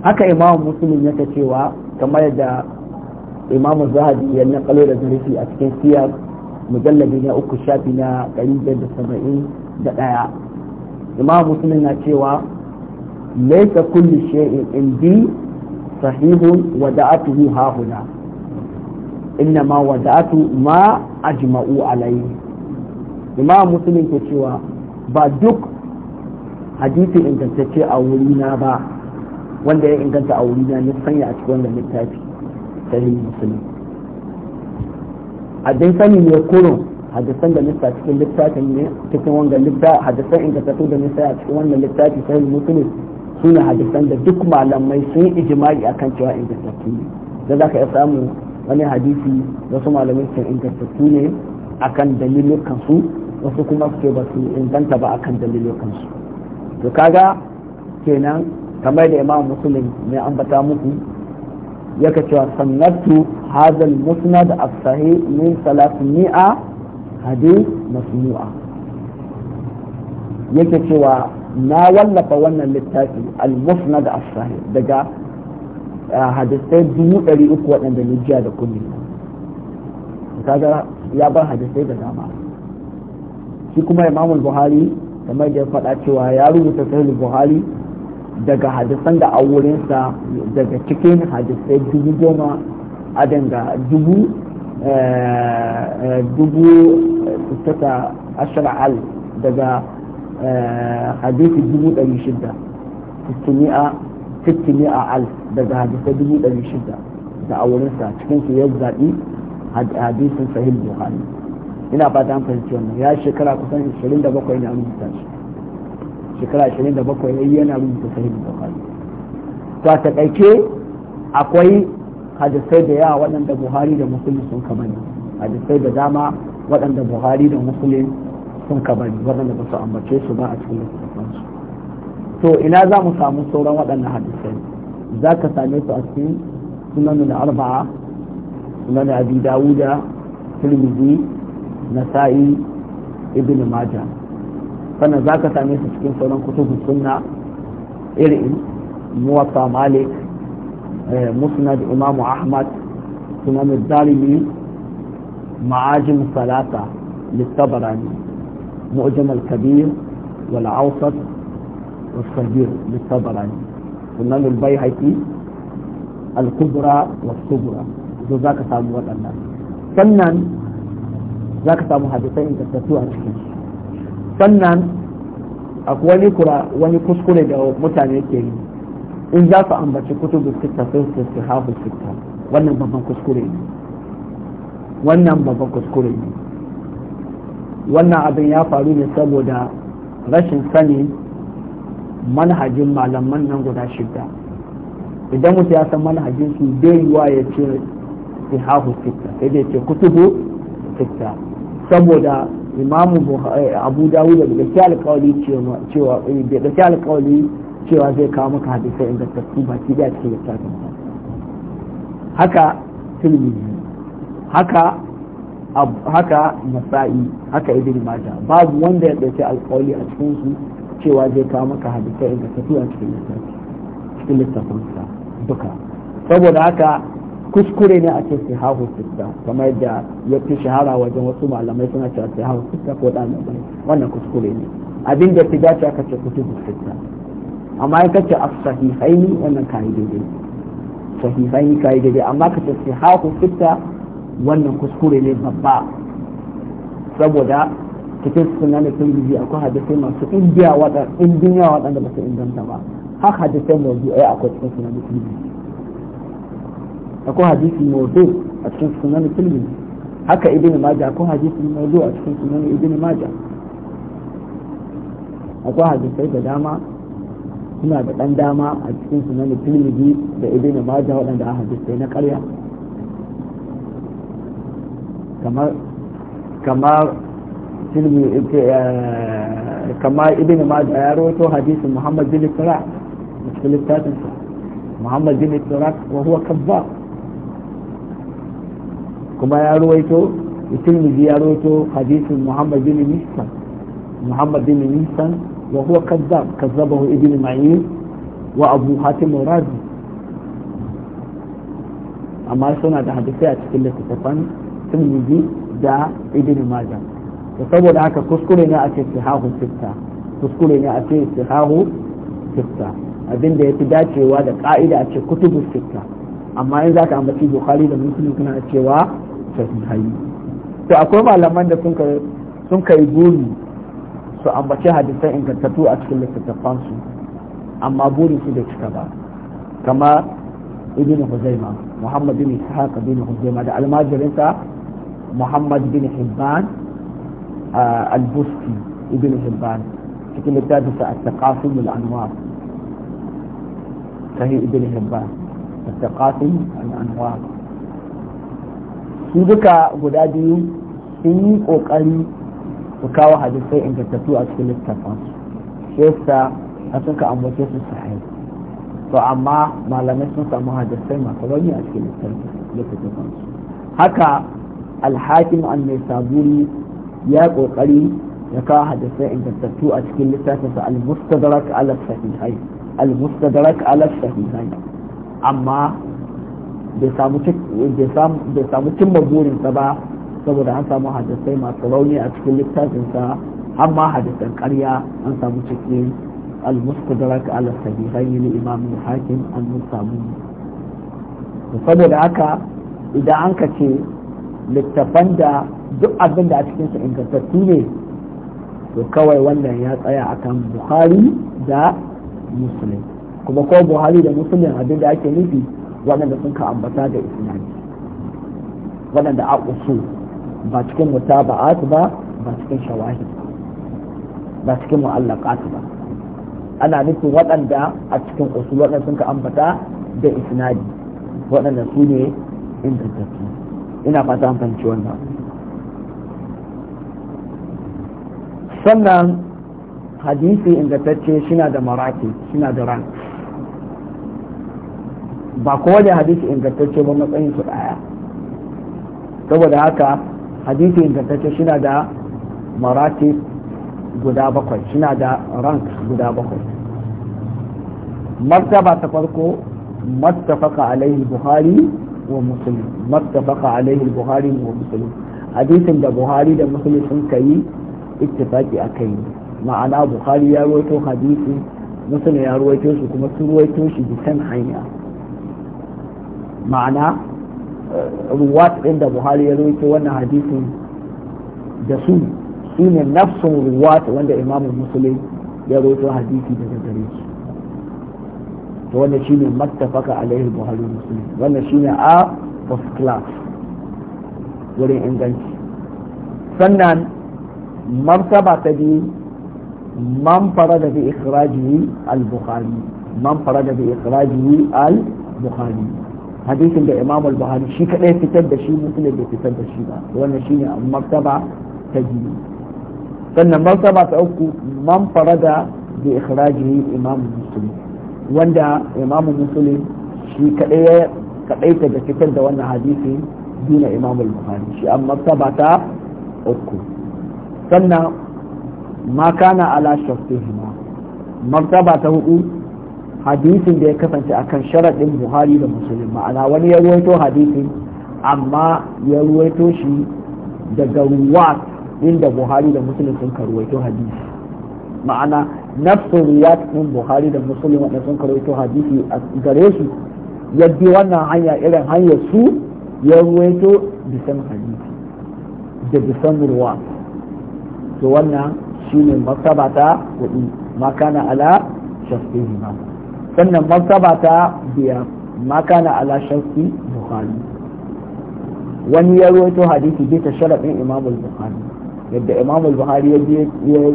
haka imamu musulun yake cewa kamar yadda imamu zahabi ya nakalo da zarafi a cikin siyar mujallabi na uku shafi na ɗari da saba'in da ɗaya imamu musulun na cewa laisa kulli shay'in indi sahihun wada'atuhu ha huna innama wada'atu ma ajma'u alayhi imam muslim ke cewa ba duk hadisi ingantacce a wurina ba wanda ya inganta a wurina ne sanya a cikin wannan littafi sahihin muslim a dai sani ne kurun hadisan da nista da nista a cikin wannan littafi sahihin muslim su ne hadisan da duk malamai sun yi ijimai akan cewa ingantattu ne da za ka iya samu wani hadisi wasu malamai sun ingantattu ne akan kan kansu, wasu kuma suke ba su inganta ba akan kan kansu, to kaga kenan kamar da imam musulun mai ambata muku yaka cewa sannatu hazal musnad da asahi min ni'a hadith masu yake cewa na wallafa wannan littafi al-musnad as-sahih daga eh, hadisai dubu dari uku waɗanda ni jiya da kulli kaga ya bar hadisai da dama shi kuma imam buhari kamar da ya faɗa cewa ya rubuta sahih buhari daga hadisan da a wurinsa daga cikin hadisai dubu goma a danga dubu eh, eh, dubu sittata ashirar al daga hadisi dubu ɗari shida a al daga hadisai dubu ɗari shida da a wurinsa cikin su ya zaɓi hadisin sahih buhari ina fata an fahimci wannan ya shekara kusan 27 na rubuta shi shekara 27 yayi yana rubuta sahih buhari to a taƙaice akwai hadisai da yawa waɗanda buhari da musulun sun kamani hadisai da dama waɗanda buhari da musulun sun ka bari waɗanda ba su ambace su ba a cikin littattafan su to ina za mu samu sauran waɗannan hadisai za ka same su a cikin sunan da arba'a sunan abi dawuda tirmidhi nasa'i ibn majah sannan za ka same su cikin sauran kutubu sunna irin muwatta malik eh, musnad imamu ahmad sunan darimi ma'ajin salata للطبراني معجم الكبير والأوسط والصغير للطبراني سنن البيهقي الكبرى والصغرى zo za ka samu waɗannan sannan za ka samu hadisai ingantattu a cikin sannan wani kura kuskure da mutane ke yi in za su ambaci kutubu sita sai su wannan babban kuskure ne wannan abin ya faru ne saboda rashin sani manhajin malaman nan guda shida idan mutu ya san manhajin su bai yiwa ya ce sihahu sitta sai dai ce kutubu sitta saboda imamu eh, abu dawu da gaskiya alkawali cewa eh, da gaskiya alkawali cewa zai kawo maka hadisai ingantattu ba ki da cikin littafin haka tilmi haka haka nasa'i haka ibn mata babu wanda ya dauki alƙawari a cikin su cewa zai kawo maka hadisai ingantattu a cikin littafi cikin littafin sa duka saboda haka kuskure ne a ce sihahu sitta kamar da ya fi shahara wajen wasu malamai suna cewa sihahu sitta ko ɗalibai wannan kuskure ne abin da fi dace aka ce kutubu sitta amma in kace a sahihaini wannan kai daidai sahihaini kai daidai amma ka sai sihahu sitta wannan kuskure ne babba saboda cikin suna da turbizi akwai hadisai masu indiya waɗanda ba su inganta ba har hadisai mawuzi a eh, akwai cikin suna da turbizi akwai hadisi mawuzi a cikin suna da turbizi haka ibn maja akwai hadisi mawuzi a cikin suna da ibn maja akwai hadisai da dama suna da ɗan dama a cikin sunan da turbizi da ibn maja waɗanda a hadisai na ƙarya kamar kamar silmi eh, eh, kamar ibn majah hadisin muhammad bin isra cikin littafin sa muhammad bin isra wa huwa kabba kuma ya rawaito silmi ya rawaito hadisin muhammad bin nisan muhammad bin nisan wa huwa kazzab kazzabahu ibn ma'in wa abu hatim razi amma suna da hadisai a cikin littattafan tirmidhi da idin majah to saboda haka kuskure ne a ce sihahu sitta kuskure ne a ce sihahu sitta abinda yafi dacewa da ka'ida a ce kutubu sitta amma in zaka ambaci bukhari da muslim kana cewa sahihai to akwai malaman da sun kai sun kai buri su ambaci hadisan ingantattu a cikin littattafansu amma burin su bai cika ba kama ibn huzaima muhammad bin ishaq bin huzaima da almajirinsa muhammad bin hibban uh, al-busti ibn hibban cikin littafin sa at al-anwar sahih ibn hibban at al-anwar su duka guda biyu sun ƙoƙari kokari su kawo hadisai ingantattu a cikin littafin su yasa a suka ambace su to amma malamai sun samu hadisai masu a cikin haka alhakim an Saburi ya kokari ya kawo hadisai ingantattu a cikin littafinsa al-mustadrak ala sahihai al-mustadrak ala sahihai amma bai samu cimma burinsa ba saboda an samu hadisai masu rauni a cikin littafinsa amma hadisan karya an samu cikin al-mustadrak ala sahihai ne imam al-hakim an samu saboda haka idan an ka ce littafan da duk abin da a cikin ingantattu ne to kawai wannan ya tsaya akan buhari da musulun kuma ko buhari da musulun abin da ake nufi waɗanda sun ka ambata da isnadi waɗanda a usu ba cikin mutaba'at ba ba cikin shawahid ba cikin mu'allaqat ba ana nufin waɗanda a cikin usul waɗanda sun ka ambata da isnadi waɗanda su ne ingantattu ina fata an fahimci wannan sannan hadisi ingantacce shina da maraki shina da rank ba kowa da hadisi ingantacce ba matsayin su daya saboda haka hadisi ingantacce shina da maraki guda bakwai shina da rank guda bakwai martaba ta farko mattafaka alaihi buhari ومسلم ما اتفق عليه البخاري ومسلم حديث ده بخاري ده مسلم sun kai ittifaqi akai ma'ana bukhari ya rawaito hadisi muslim ya rawaito shi kuma sun rawaito shi bisan hanya ma'ana eh, ruwat din da buhari ya rawaito wannan hadisin da su su nafsun ruwat wanda imamu muslim ya rawaito hadisi daga gare to wannan shine mattafaka alaihi buhari muslim wannan shine a first class wurin inganci sannan martaba ta biyu man farada bi ikhrajihi al-bukhari man farada bi ikhrajihi al-bukhari hadisin da imam al-bukhari shi kadai fitar da shi muslim bai fitar da shi ba wannan shine martaba ta biyu sannan martaba ta uku man fara da bi ikhrajihi imam muslim wanda imamu musulun shi kadai kadai ta da fitar da wannan hadisi duna imamu bukhari shi an martaba ta uku sannan ma kana ala shaftihima martaba ta hudu hadisin da ya kasance akan sharaɗin buhari da musulun. ma'ana wani ya ruwaito hadisin amma ya ruwaito shi daga ruwa inda buhari da musulun sun ruwaito hadisi ma'ana nafsu riyat din buhari da muslim wanda sun karaito hadisi a gare shi ya wannan hanya irin hanyar su ya ruwaito bisan hadisi da bisan ruwa to wannan shine martaba ta hudu makana ala shafi ma sannan martaba ta biyar makana ala shafi buhari wani ya ruwaito hadisi ta sharaɗin imamul buhari yadda imamul buhari ya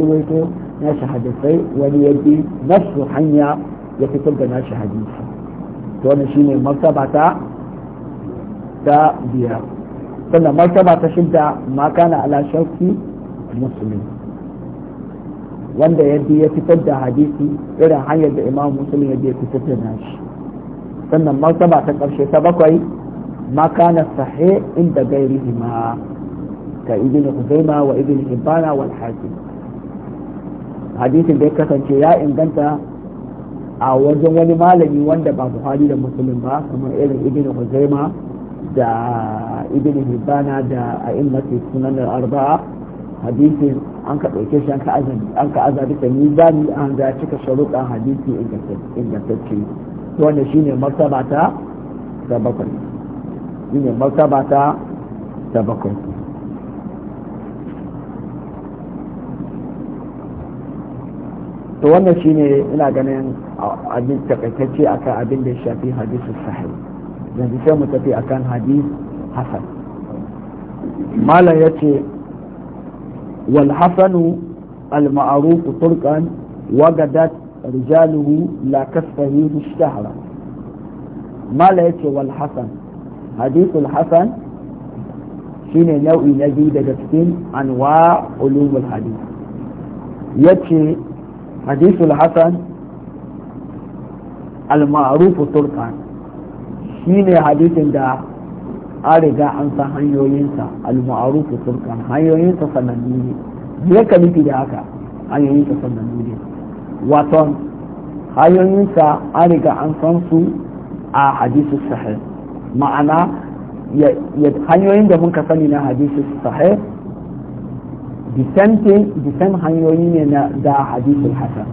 ruwaito nashi hadisai wani ya bi nasu hanya ya fitar da nashi hadisi to wannan shine martaba ta ta biyar sannan martaba ta shidda ma kana ala shafi musulmi wanda yadda ya fitar da hadisi irin hanyar da imam musulmi yadda ya fitar da nashi sannan martaba ta ƙarshe ta bakwai ma kana sahih inda gairihima ka ibn Huzaima wa ibn Hibbana wal Hakim hadisin da ya kasance ya inganta a wajen wani malami wanda ba buhari da musulun ba kamar irin ibn huzaima da ibn hibana da a a'immatu sunan arbaa hadisin an ka ɗauke shi an ka azabi ta ni an ga cika sharuɗa hadisi ingantacce to wanda ta da bakwai shi martaba ta da bakwai to wannan ne ina ganin abin takaitacce abin da ya shafi hadisin sahih yanzu sai mu tafi akan hadis hasan malam yace wal hasanu al ma'ruf turqan wagadat rijaluhu la kasfahu ishtahara malam yace wal hasan hadisul hasan shine nau'i na biyu daga cikin anwa ulumul hadis yace hadisul hasan al-ma'rufu turkan shine hadisin da an riga an san hanyoyinsa al turkan hanyoyinsa sanannu ne ka nufi da haka hanyoyinsa sanannu ne wato hanyoyinsa an riga a hadisu sahih ma'ana hanyoyin da muka sani na hadisu sahih disantin disan hanyoyi ne na da hadisul hasan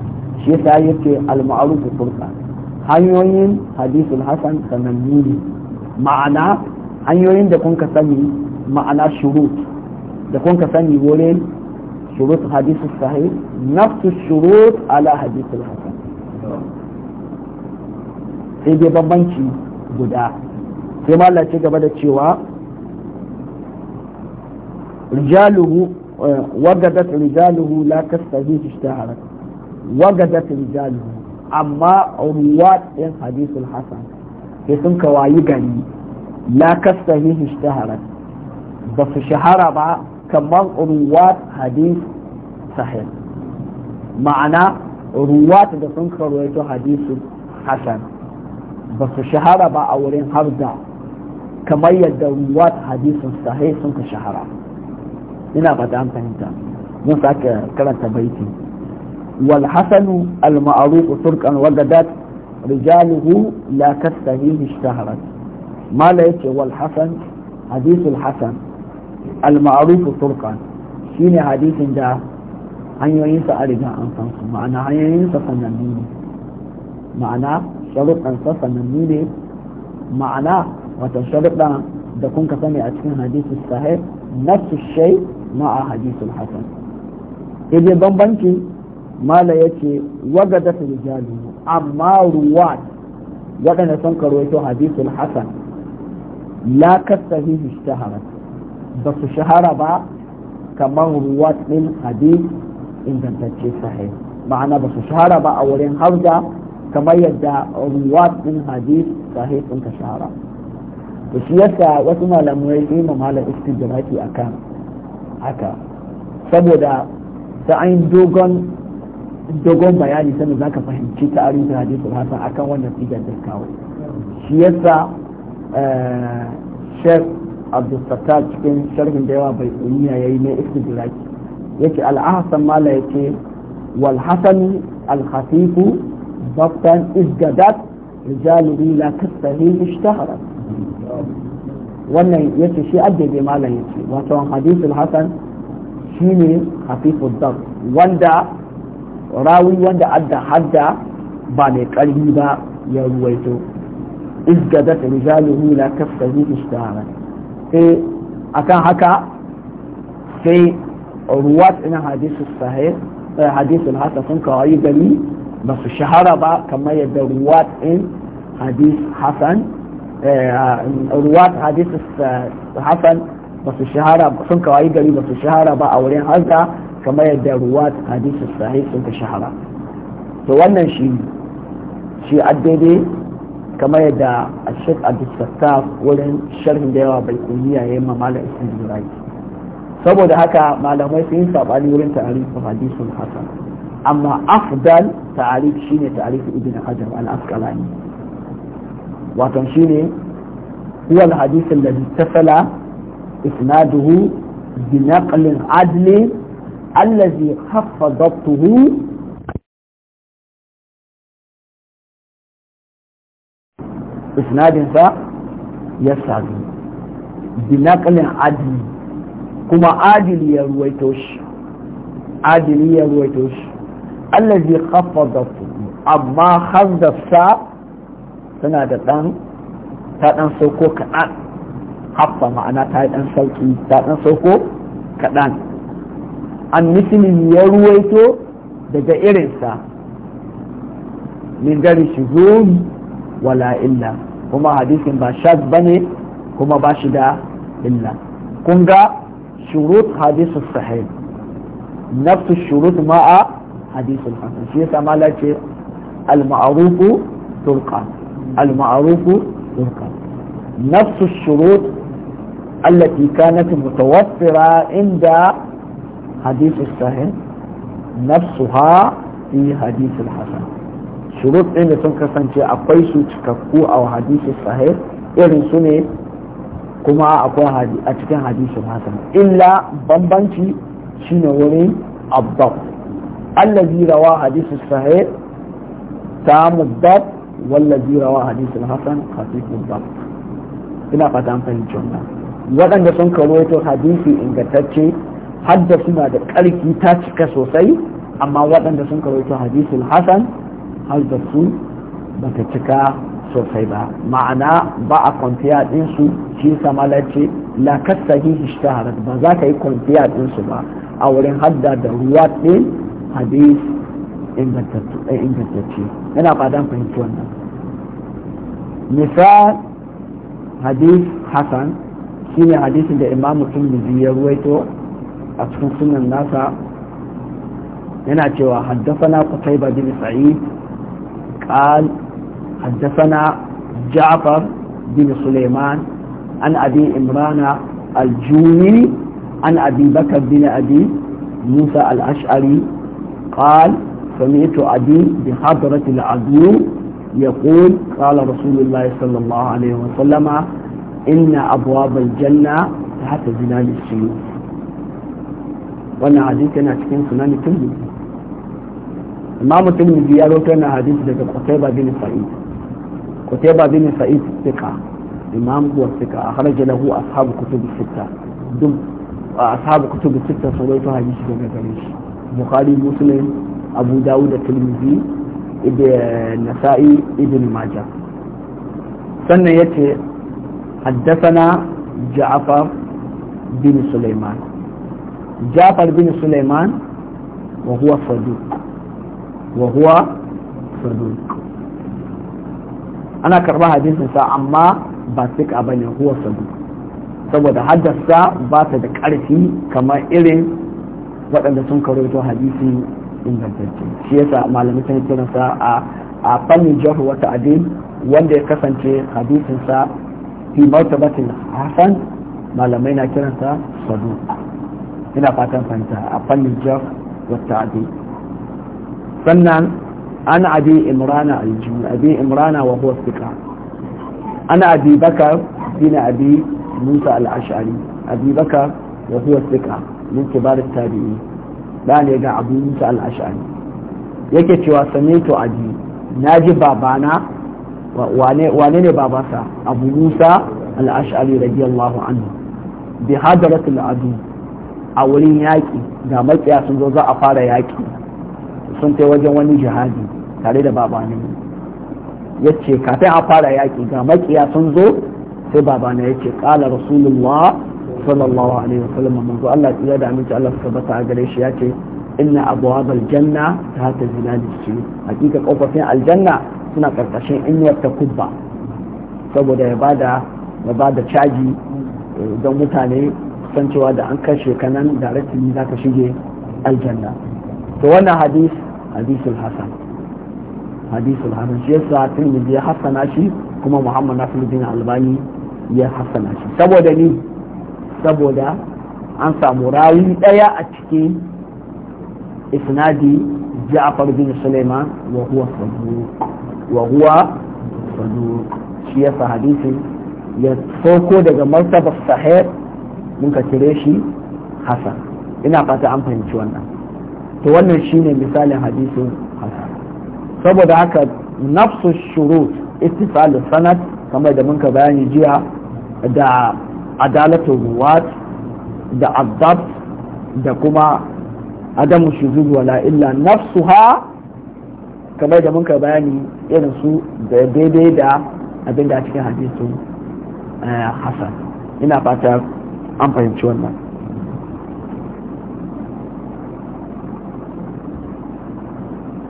shi yasa yake al-ma'ruf furqa hanyoyin hadisul hasan sanannu ne ma'ana hanyoyin da kun ka sani ma'ana shurut da kun ka sani wurin shurut hadisul sahih nafsu shurut ala hadisul hasan sai dai bambanci guda sai ma ci gaba da cewa rijaluhu وجدت رجاله لا تستهي اشتهرت وجدت رجاله أما رواد حديث الحسن يسمى كوايقاني لا تستهي اشتهرت بس شهر بقى كمان رواد حديث صحيح معنى رواد ده سنك حديث الحسن بس شهر بقى أولين هرزع كما يدى رواد حديث صحيح سنك شهر بقى. ina fata an fahimta mun sake karanta baiti wal hasanu al ma'ruf turkan wa gadat rijaluhu la kastahihi ishtaharat mala yake wal hasan hadithul hasan al ma'ruf turkan shine hadisin da hanyoyinsa a riga an san su ma'ana hanyoyinsa sanannu ne ma'ana sharuɗansa sanannu ne ma'ana wata sharuɗa da kun ka sani a cikin hadisi sahih nafsu shay ma'a hadisul hasan sai dai bambanci mala yace wagada rijalu amma ruwat waɗanda sun karwaito hadisul hasan la kasahihi ishtaharat ba su shahara ba kamar ruwat din hadis ingantacce sahih ma'ana ba su shahara ba a wurin harda kamar yadda ruwat din hadis sahih sun shahara to shi yasa wasu malamai sun yi mamalar istijiraki akan haka saboda ta an dogon dogon bayani sanin za ka fahimci tarihin hadisul a akan wannan sigar da kawo shi yasa eh, shek abdulfattar cikin sharhin da yawa bai uniya ya yi na istidraki ya ce al'ahasan mala ya ce walhassanu alhafifu baftan izgadat rijalu la kasahi ishtaharat wannan yace shi addabe malam yace wato hadisul hasan shine hafifu dab wanda rawi wanda adda hadda ba mai karfi ba ya ruwaito izgadat rijaluhu la kafkahu ishtahara sai eh, akan haka sai ruwat ina hadisul sahih eh, hadisul hasan sun kawai gari ba su shahara ba kamar yadda ruwat in hadis hasan Eh, ruwat hadis eh, hasan ba su shahara sun kawai gari ba su shahara ba a wurin hazza kamar yadda ruwat hadis sahih sun ka shahara to wannan shi shi addade kamar yadda a shek abdulsattaf wurin sharhin da yawa bai kuniya ya yi mamala isin jirai saboda haka malamai sun yi sabani wurin ta'arifin hadisun hasan amma afdal ta'arif shine ta'arif ibn hajar al-asqalani watan shine huwa al-hadith alladhi tasala isnaduhu bi naqlin adli alladhi khaffa dhabtuhu isnadin sa yasadu bi naqlin kuma adili ya ruwaito shi adili ya ruwaito shi allazi amma suna da ɗan ta ɗan sauko kaɗan haffa ma'ana ta yi ɗan sauki ta ɗan sauko kaɗan an misilin ya ruwaito daga irinsa min gari shi wala illa kuma hadisin ba shaz ba ne kuma ba shi da illa kun ga shurut hadisun sahih nafsu shurut ma'a hadisun hasan shi yasa ce al-ma'rufu turka. المعروف ينكر نفس الشروط التي كانت متوفرة عند حديث السهل نفسها في حديث الحسن شروط ɗin da sun kasance akwai su cikakku a hadisi sahih irin su ne kuma akwai a cikin hadisin hasan illa bambanci shine wurin abdab allazi rawa hadisi sahih ta wallazi rawa hadisul hasan hadisul ba ina fata an fahimci wannan waɗanda sun karoto hadisi ingantacce hadda suna da ƙarfi ta cika sosai amma waɗanda sun karoto hadisul hasan hadda su bata cika sosai ba ma'ana ba a kwamfiya ɗinsu shi samalace la kasahi ishtaharat ba za ka yi kwamfiya ɗinsu ba a wurin hadda da ruwa ɗin hadis Eh, ingantacce yana fadan fahimci wannan misal hadis hasan shine hadisin da imamu tirmidhi ya ruwaito a cikin sunan nasa yana cewa haddafana qutayba bin sa'id qal haddafana ja'far bin suleiman an abi imrana al an abi bakar bin abi musa al-ash'ari قال سمعت عدي بحضرة العدو يقول قال رسول الله صلى الله عليه وسلم إن أبواب الجنة تحت ظلال السيوف wannan hadisi yana cikin sunani tirmidhi imamu tirmidhi ya rawaito wannan hadisi daga qutayba bin sa'id qutayba bin sa'id thiqa imam huwa thiqa akhraja lahu ashabu kutub sitta duk ashabu kutub sitta sun rawaito hadisi daga gare shi bukhari muslim abu dawud da tirmidhi da nasa'i ibn majah sannan yace haddathana ja'far bin Suleiman. ja'far bin Suleiman wa huwa saduq wa huwa saduq ana karba hadisin sa amma ba sika bane huwa saduq saboda haddasa ba ta da ƙarfi kamar irin waɗanda sun karoto hadisi ingantacce shi yasa malamai sun kiran sa a a fannin jahu wa ta'dil wanda ya kasance hadisin sa fi martabatin hasan malamai na kiran sa sadu ina fatan fanta a fannin jahu wa ta'dil sannan ana abi imrana al-jumi abi imrana wa huwa thiqa ana abi bakar bin abi musa al-ash'ari abi bakar wa huwa thiqa min kibar at-tabi'in da ne ga abu musa al'ashari yake cewa same to abi na ji babana wane ne babansa abu musa al'ashari radiyallahu anhu bi hadaratul adu a wurin yaƙi ga makiya sun zo za a fara yaƙi sun kai wajen wani jihadi tare da babana ya ce kafin a fara yaƙi ga makiya sun zo sai babana ya ce ƙala rasulullah sallallahu alaihi wasallam manzo Allah ya da aminci Allah suka bata a gare shi yace inna abwabal aljanna ta ta zina zinadi ce hakika kofofin aljanna suna karkashin inuwar ta kubba saboda ya bada ya bada caji eh, don mutane san cewa da an kashe kanan directly za ka shige aljanna to wannan hadis hadisul hasan hadisul hasan shi yasa tirmidhi ya hasana shi kuma muhammad nasiruddin albani ya hasana shi saboda ni saboda an samu rawi ɗaya a cikin isnadi ja'far bin suleiman wa huwa wa huwa shi yasa hadisin ya sauko daga martaba sahih mun ka cire shi hasan ina fata an fahimci wannan to wannan shine misalin hadisin hasan saboda haka nafsu shurut ittisal sanad kamar da mun ka bayani jiya da adalatu ruwat da azab da kuma adamu shuzuz wala illa nafsuha kamar da mun ka bayani irin su da daidai da abin da a cikin hadisin eh, hasan ina fata an fahimci wannan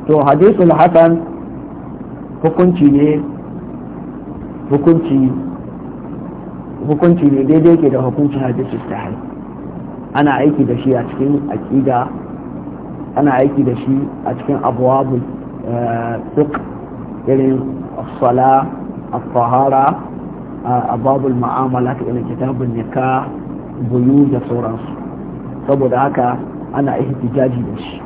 to hadisul hasan hukunci ne hukunci hukunci ne daidai ke da hukuncin hadisi sahih ana aiki da shi a cikin aqida ana aiki da shi a cikin abwabul eh, irin as-sala as eh, ma'amala ababul mu'amala irin kitabun nikah buyu da sauransu saboda haka ana ihtijaji da shi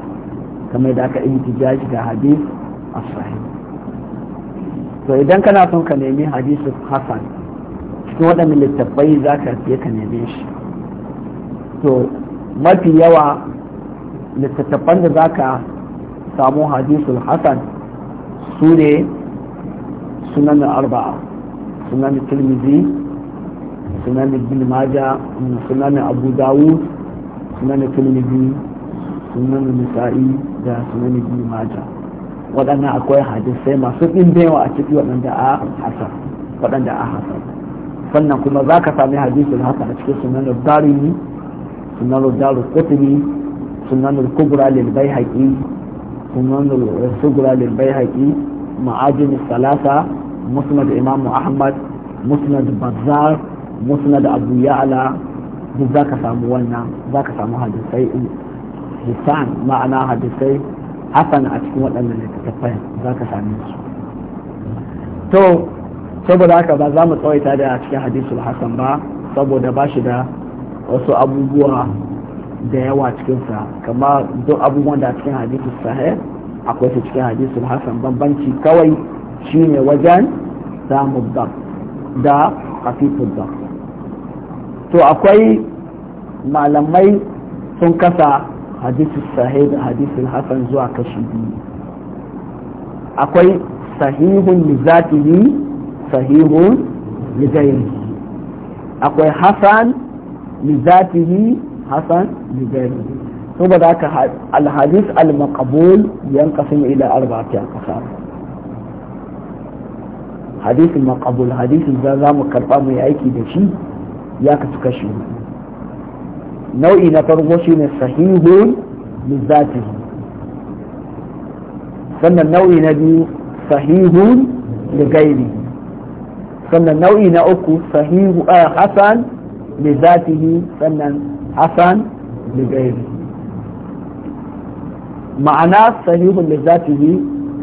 kamar da aka ihtijaji da hadith as-sahih to idan kana son ka nemi hadisi hasan cikin waɗannan littattafai za ka siya ka neme shi to mafi yawa littattafan da za ka samu hadisul hasan su ne sunan arba'a sunan tirmidhi sunan ibn majah sunan abu dawud sunan tirmidhi sunan nisa'i da sunan ibn majah waɗannan akwai hadisai masu ɗimbewa a ciki waɗanda a hasan waɗanda a hasan wannan kuma za ka sami hadisin haka a cikin sunan darimi sunan darul qutbi sunan kubra lil baihaqi sunan kubra lil haƙi ma'ajin salasa musnad imam ahmad musnad bazar musnad abu yaala duk za ka samu wannan za ka samu hadisai hisan ma'ana hadisai hasana a cikin waɗannan littattafai za ka sami su to saboda haka ba za mu tsawaita da cikin hadisul hasan ba saboda ba shi da wasu abubuwa da yawa cikinsa kama duk abubuwan da cikin hadisul sahih akwai su cikin hadisul hasan bambanci kawai shine wajen samun dam da hafifun dam to akwai malamai sun kasa hadisul sahih da hadisul hasan zuwa kashi biyu akwai sahihun li sahihun li akwai hasan li zatihi hasan li ghairi saboda haka alhadis al-maqbul yanqasim ila arba'ati aqsam hadisi maqbul hadisi da za mu karba mu aiki da shi ya kasu kashi nau'i na farko ne sahihun li zatihi sannan nau'i na biyu sahihun li ghairi sannan nau'i na uku sahihu hasan li zatihi sannan hasan li ghairi ma'ana sahihu li zatihi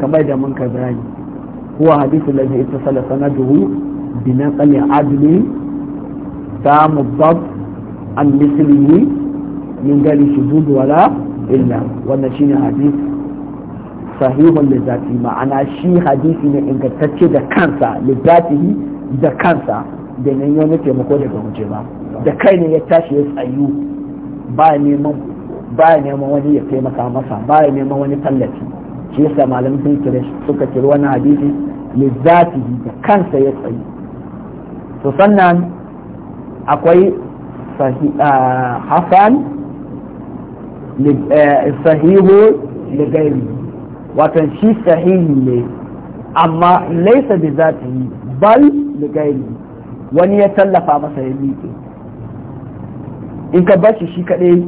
kamar da mun ka bayani huwa hadithu ladhi ittasala sanaduhu bi naqli adli تام الضبط min مثله من wala illa, ولا إلا ونشين حديث sahihun lizati ma'ana shi hadisi ne ingantacce da kansa lizatihi da kansa da nan wani taimako daga wuce ba da kai ne ya tashi ya tsayu ba ya neman wani ya taimaka masa ba ya neman wani tallafi shi yasa malam sun kira suka kiri wani hadisi lizatihi da kansa ya tsayu to sannan akwai hasan eh, sahihu لغيره watan shi sahihi ne amma laisa bi zatihi bal bi gairi wani ya tallafa masa ya miƙe in ka bashi shi kaɗai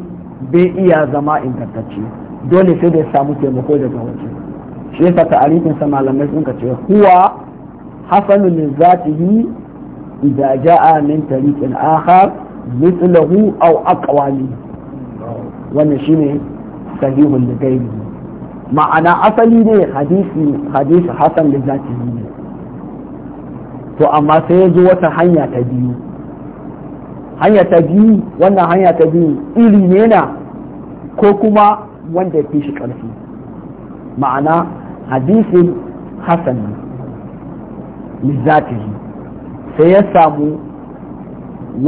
bai iya zama ingantacce dole sai da ya samu taimako daga waje shi yasa ta'arifin sa malamai sun ce huwa hasanu min zatihi idza jaa min tariqin akhar mithluhu aw aqwali wannan shine sahihul gairi ma'ana asali ne hadisi hadisi hasan da zaki yi to amma sai ya zo wata hanya ta biyu hanya ta biyu wannan hanya ta biyu iri ne na ko kuma wanda ya fi shi ƙarfi ma'ana hadisi hasan ne zaki sai ya samu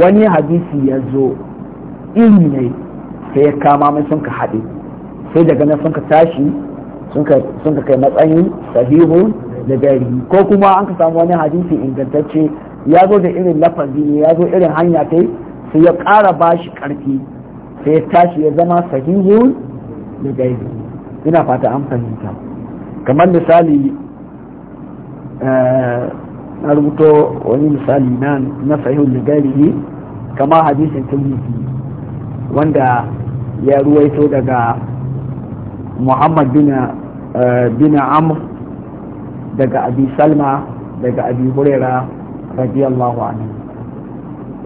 wani hadisi ya zo iri ne sai ya kama mai sun ka haɗe sai daga nan sun ka tashi sun ka kai matsayin sahihu da gari ko kuma an ka samu wani hadisi ingantacce ya zo da irin lafazi ne ya zo irin hanya ta sai ya ƙara ba shi ƙarfi sai ya tashi ya zama sahihu da gari ina fata an fahimta kamar misali eh, na rubuto wani misali na sahihu da gari kamar hadisin tirmidhi wanda ya ruwaito daga muhammad uh, bin amr daga abi salma daga abi huraira radiyallahu anhu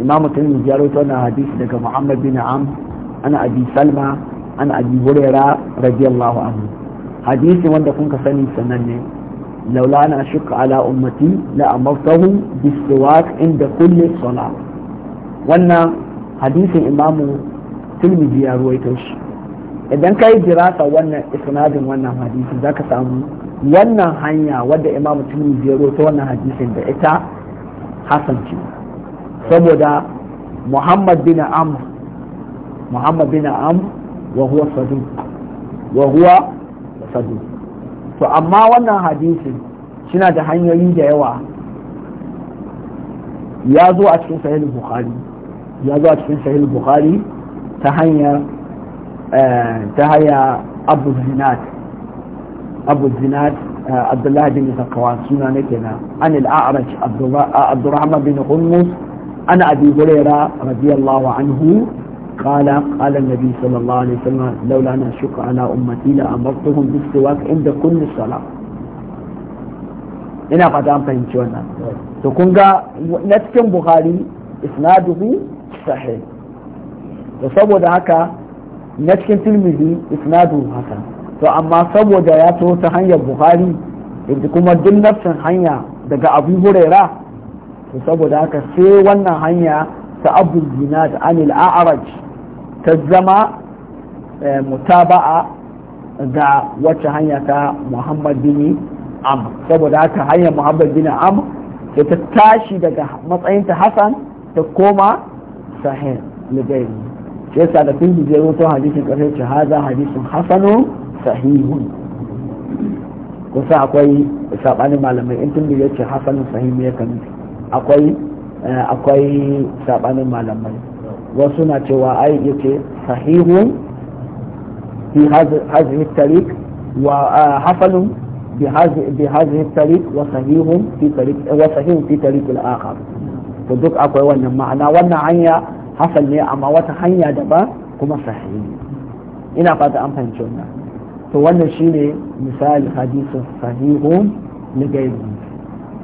imamu tirmidhi ya rawaito wannan hadisi daga muhammad bin amr ana abi salma ana abi huraira radiyallahu anhu hadisi wanda kun ka sani sanan ne laula ana shukka ala ummati la amartahu bisiwak inda kulli salat wannan hadisin imamu tirmidhi ya rawaito shi idan ka yi dirasa wannan isnadin wannan hadisi za ka samu wannan hanya wadda imam mutum ya ta wannan hadisin da ita Hassan ce saboda muhammad bin amr muhammad bin amr wa huwa saduq wa huwa to amma wannan hadisin suna da hanyoyi da yawa ya zo a cikin sahih bukhari ya zo a cikin sahih bukhari ta hanyar ta haya abu zinat abu zinat abdullah bin zakawa suna ne kenan an al'arash abdurrahman bin hummus an abi huraira radiyallahu anhu قال قال النبي صلى الله عليه وسلم لولا أن أشك على أمتي لأمرتهم بالسواك عند كل صلاة ina fata an fahimci wannan to kun ga na cikin bukhari isnaduhu sahih to saboda haka na cikin tirmidhi isnadu hasan to amma saboda ya taho ta hanyar buhari kuma duk nafsin hanya daga abu huraira to saboda haka sai wannan hanya ta abdul da anil a'raj ta zama eh, mutaba'a ga wacce hanya ta muhammad bin am saboda haka hanyar muhammad bin am ta tashi daga matsayinta hasan ta koma sahih ligairi shi yasa da kun zai rubuto hadisin ƙarfe ce haza hadisin hasanu sahihun kusa akwai saɓanin malamai in tun ya ce hasanun sahihun ya kan akwai akwai saɓanin malamai wasu na cewa ai ya ce sahihun fi hazihi tariq wa hasanun بهذه الطريق وصحيح في طريق وصحيح في طريق الاخر فدك اكو wannan ma'ana wannan hanya hasan ne amma wata hanya da ba kuma sahihi ina fata an fahimci wannan to wannan shine misali hadisin sahihun na gaibi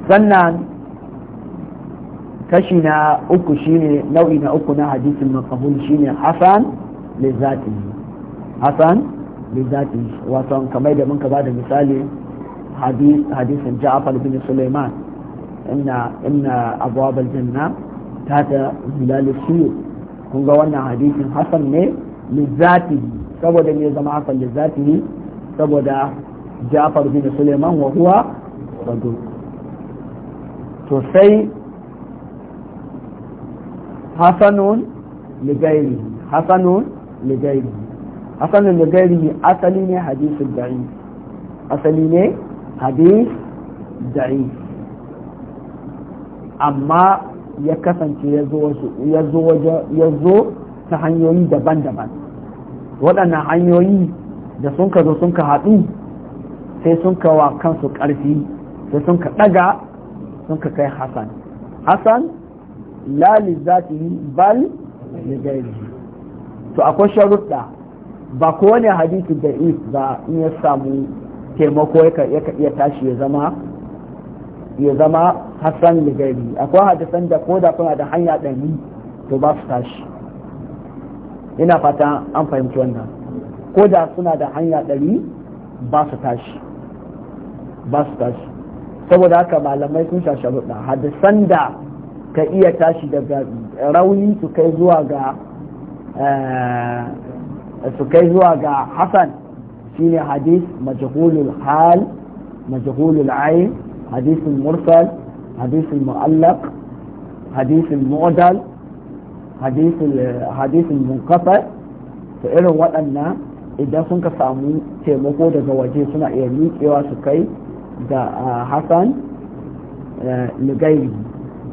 sannan kashi na uku shine nau'i na uku na hadisin makabul shine hasan li zati hasan li zati wato kamar da mun ka da misali hadisin ja'far bin Suleiman inna abu abwab al-janna tata hilal suyuf kun ga wannan hadisin hasan ne lizatihi saboda me zama hasan lizatihi saboda Ja'far bin Suleiman wa huwa wadu to sai hasanun ligairi hasanun ligairi hasanun ligairi asali ne hadisin da'i asali ne hadis da'i amma ya kasance ya zo ta hanyoyi daban-daban waɗannan hanyoyi da sun ka zo sun ka haɗu sai sun ka wa kansu ƙarfi sai sun ka ɗaga sun ka kai hassan hassan lali li yi bal to akwai sharuɗa ba kowane hadisi da is ba in ya samu taimako ya tashi ya zama da ligari akwai hadisan da ko da kuna da hanya ɗari to ba su tashi ina fata an fahimci wannan ko da suna da hanya ɗari ba su tashi ba su tashi saboda haka malamai sun shashe ruɗa hadisan da ka iya tashi daga rauni su kai zuwa ga eh, su kai zuwa ga hasan shine hadis majhulul hal majhulul ayn hadisin mursal Hadisin المعلق حديث المعدل hadisin حديث المنقطع to irin waɗannan idan sun samu taimako daga waje suna iya miƙewa su kai da hassan ligairi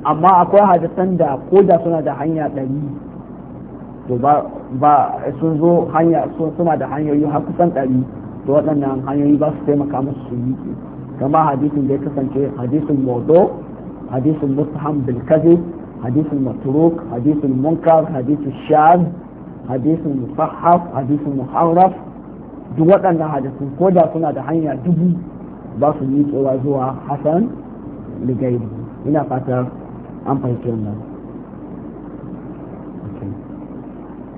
amma akwai hadisan da ko da suna da hanya ɗari to ba sun zo suna da hanyoyi har ɗari to waɗannan hanyoyi ba su taimaka musu su miƙe kama hadisin da ya kasance hadisin mo'do. حديث المتهم بالكذب حديث المتروك حديث المنكر حديث الشاذ حديث المصحف حديث المحرف duk waɗannan hadisin ko da suna da hanya dubu ba su yi tsowa zuwa Hassan ligaibi ina fata an fahimci wannan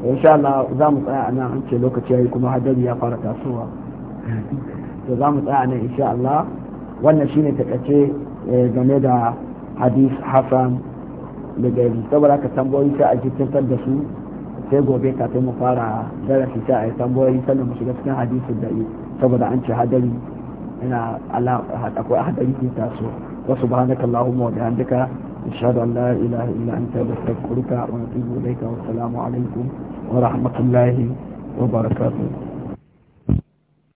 insha Allah za mu tsaya nan an ce lokaci yayi kuma hadari ya fara tasowa to za mu tsaya nan insha Allah wannan shine takace game da hadis hassan da gari saboda ka tambayoyi sai a jikintar da su sai gobe kafin mu fara darasi sai a yi tambayoyi sannan mu shiga cikin hadisin da saboda an ce hadari ina akwai hadari ke taso wasu ba hannaka Allahumma wa bihamdika ashhadu an la ilaha illa anta astaghfiruka wa atubu ilayka wa assalamu alaikum wa rahmatullahi wa barakatuh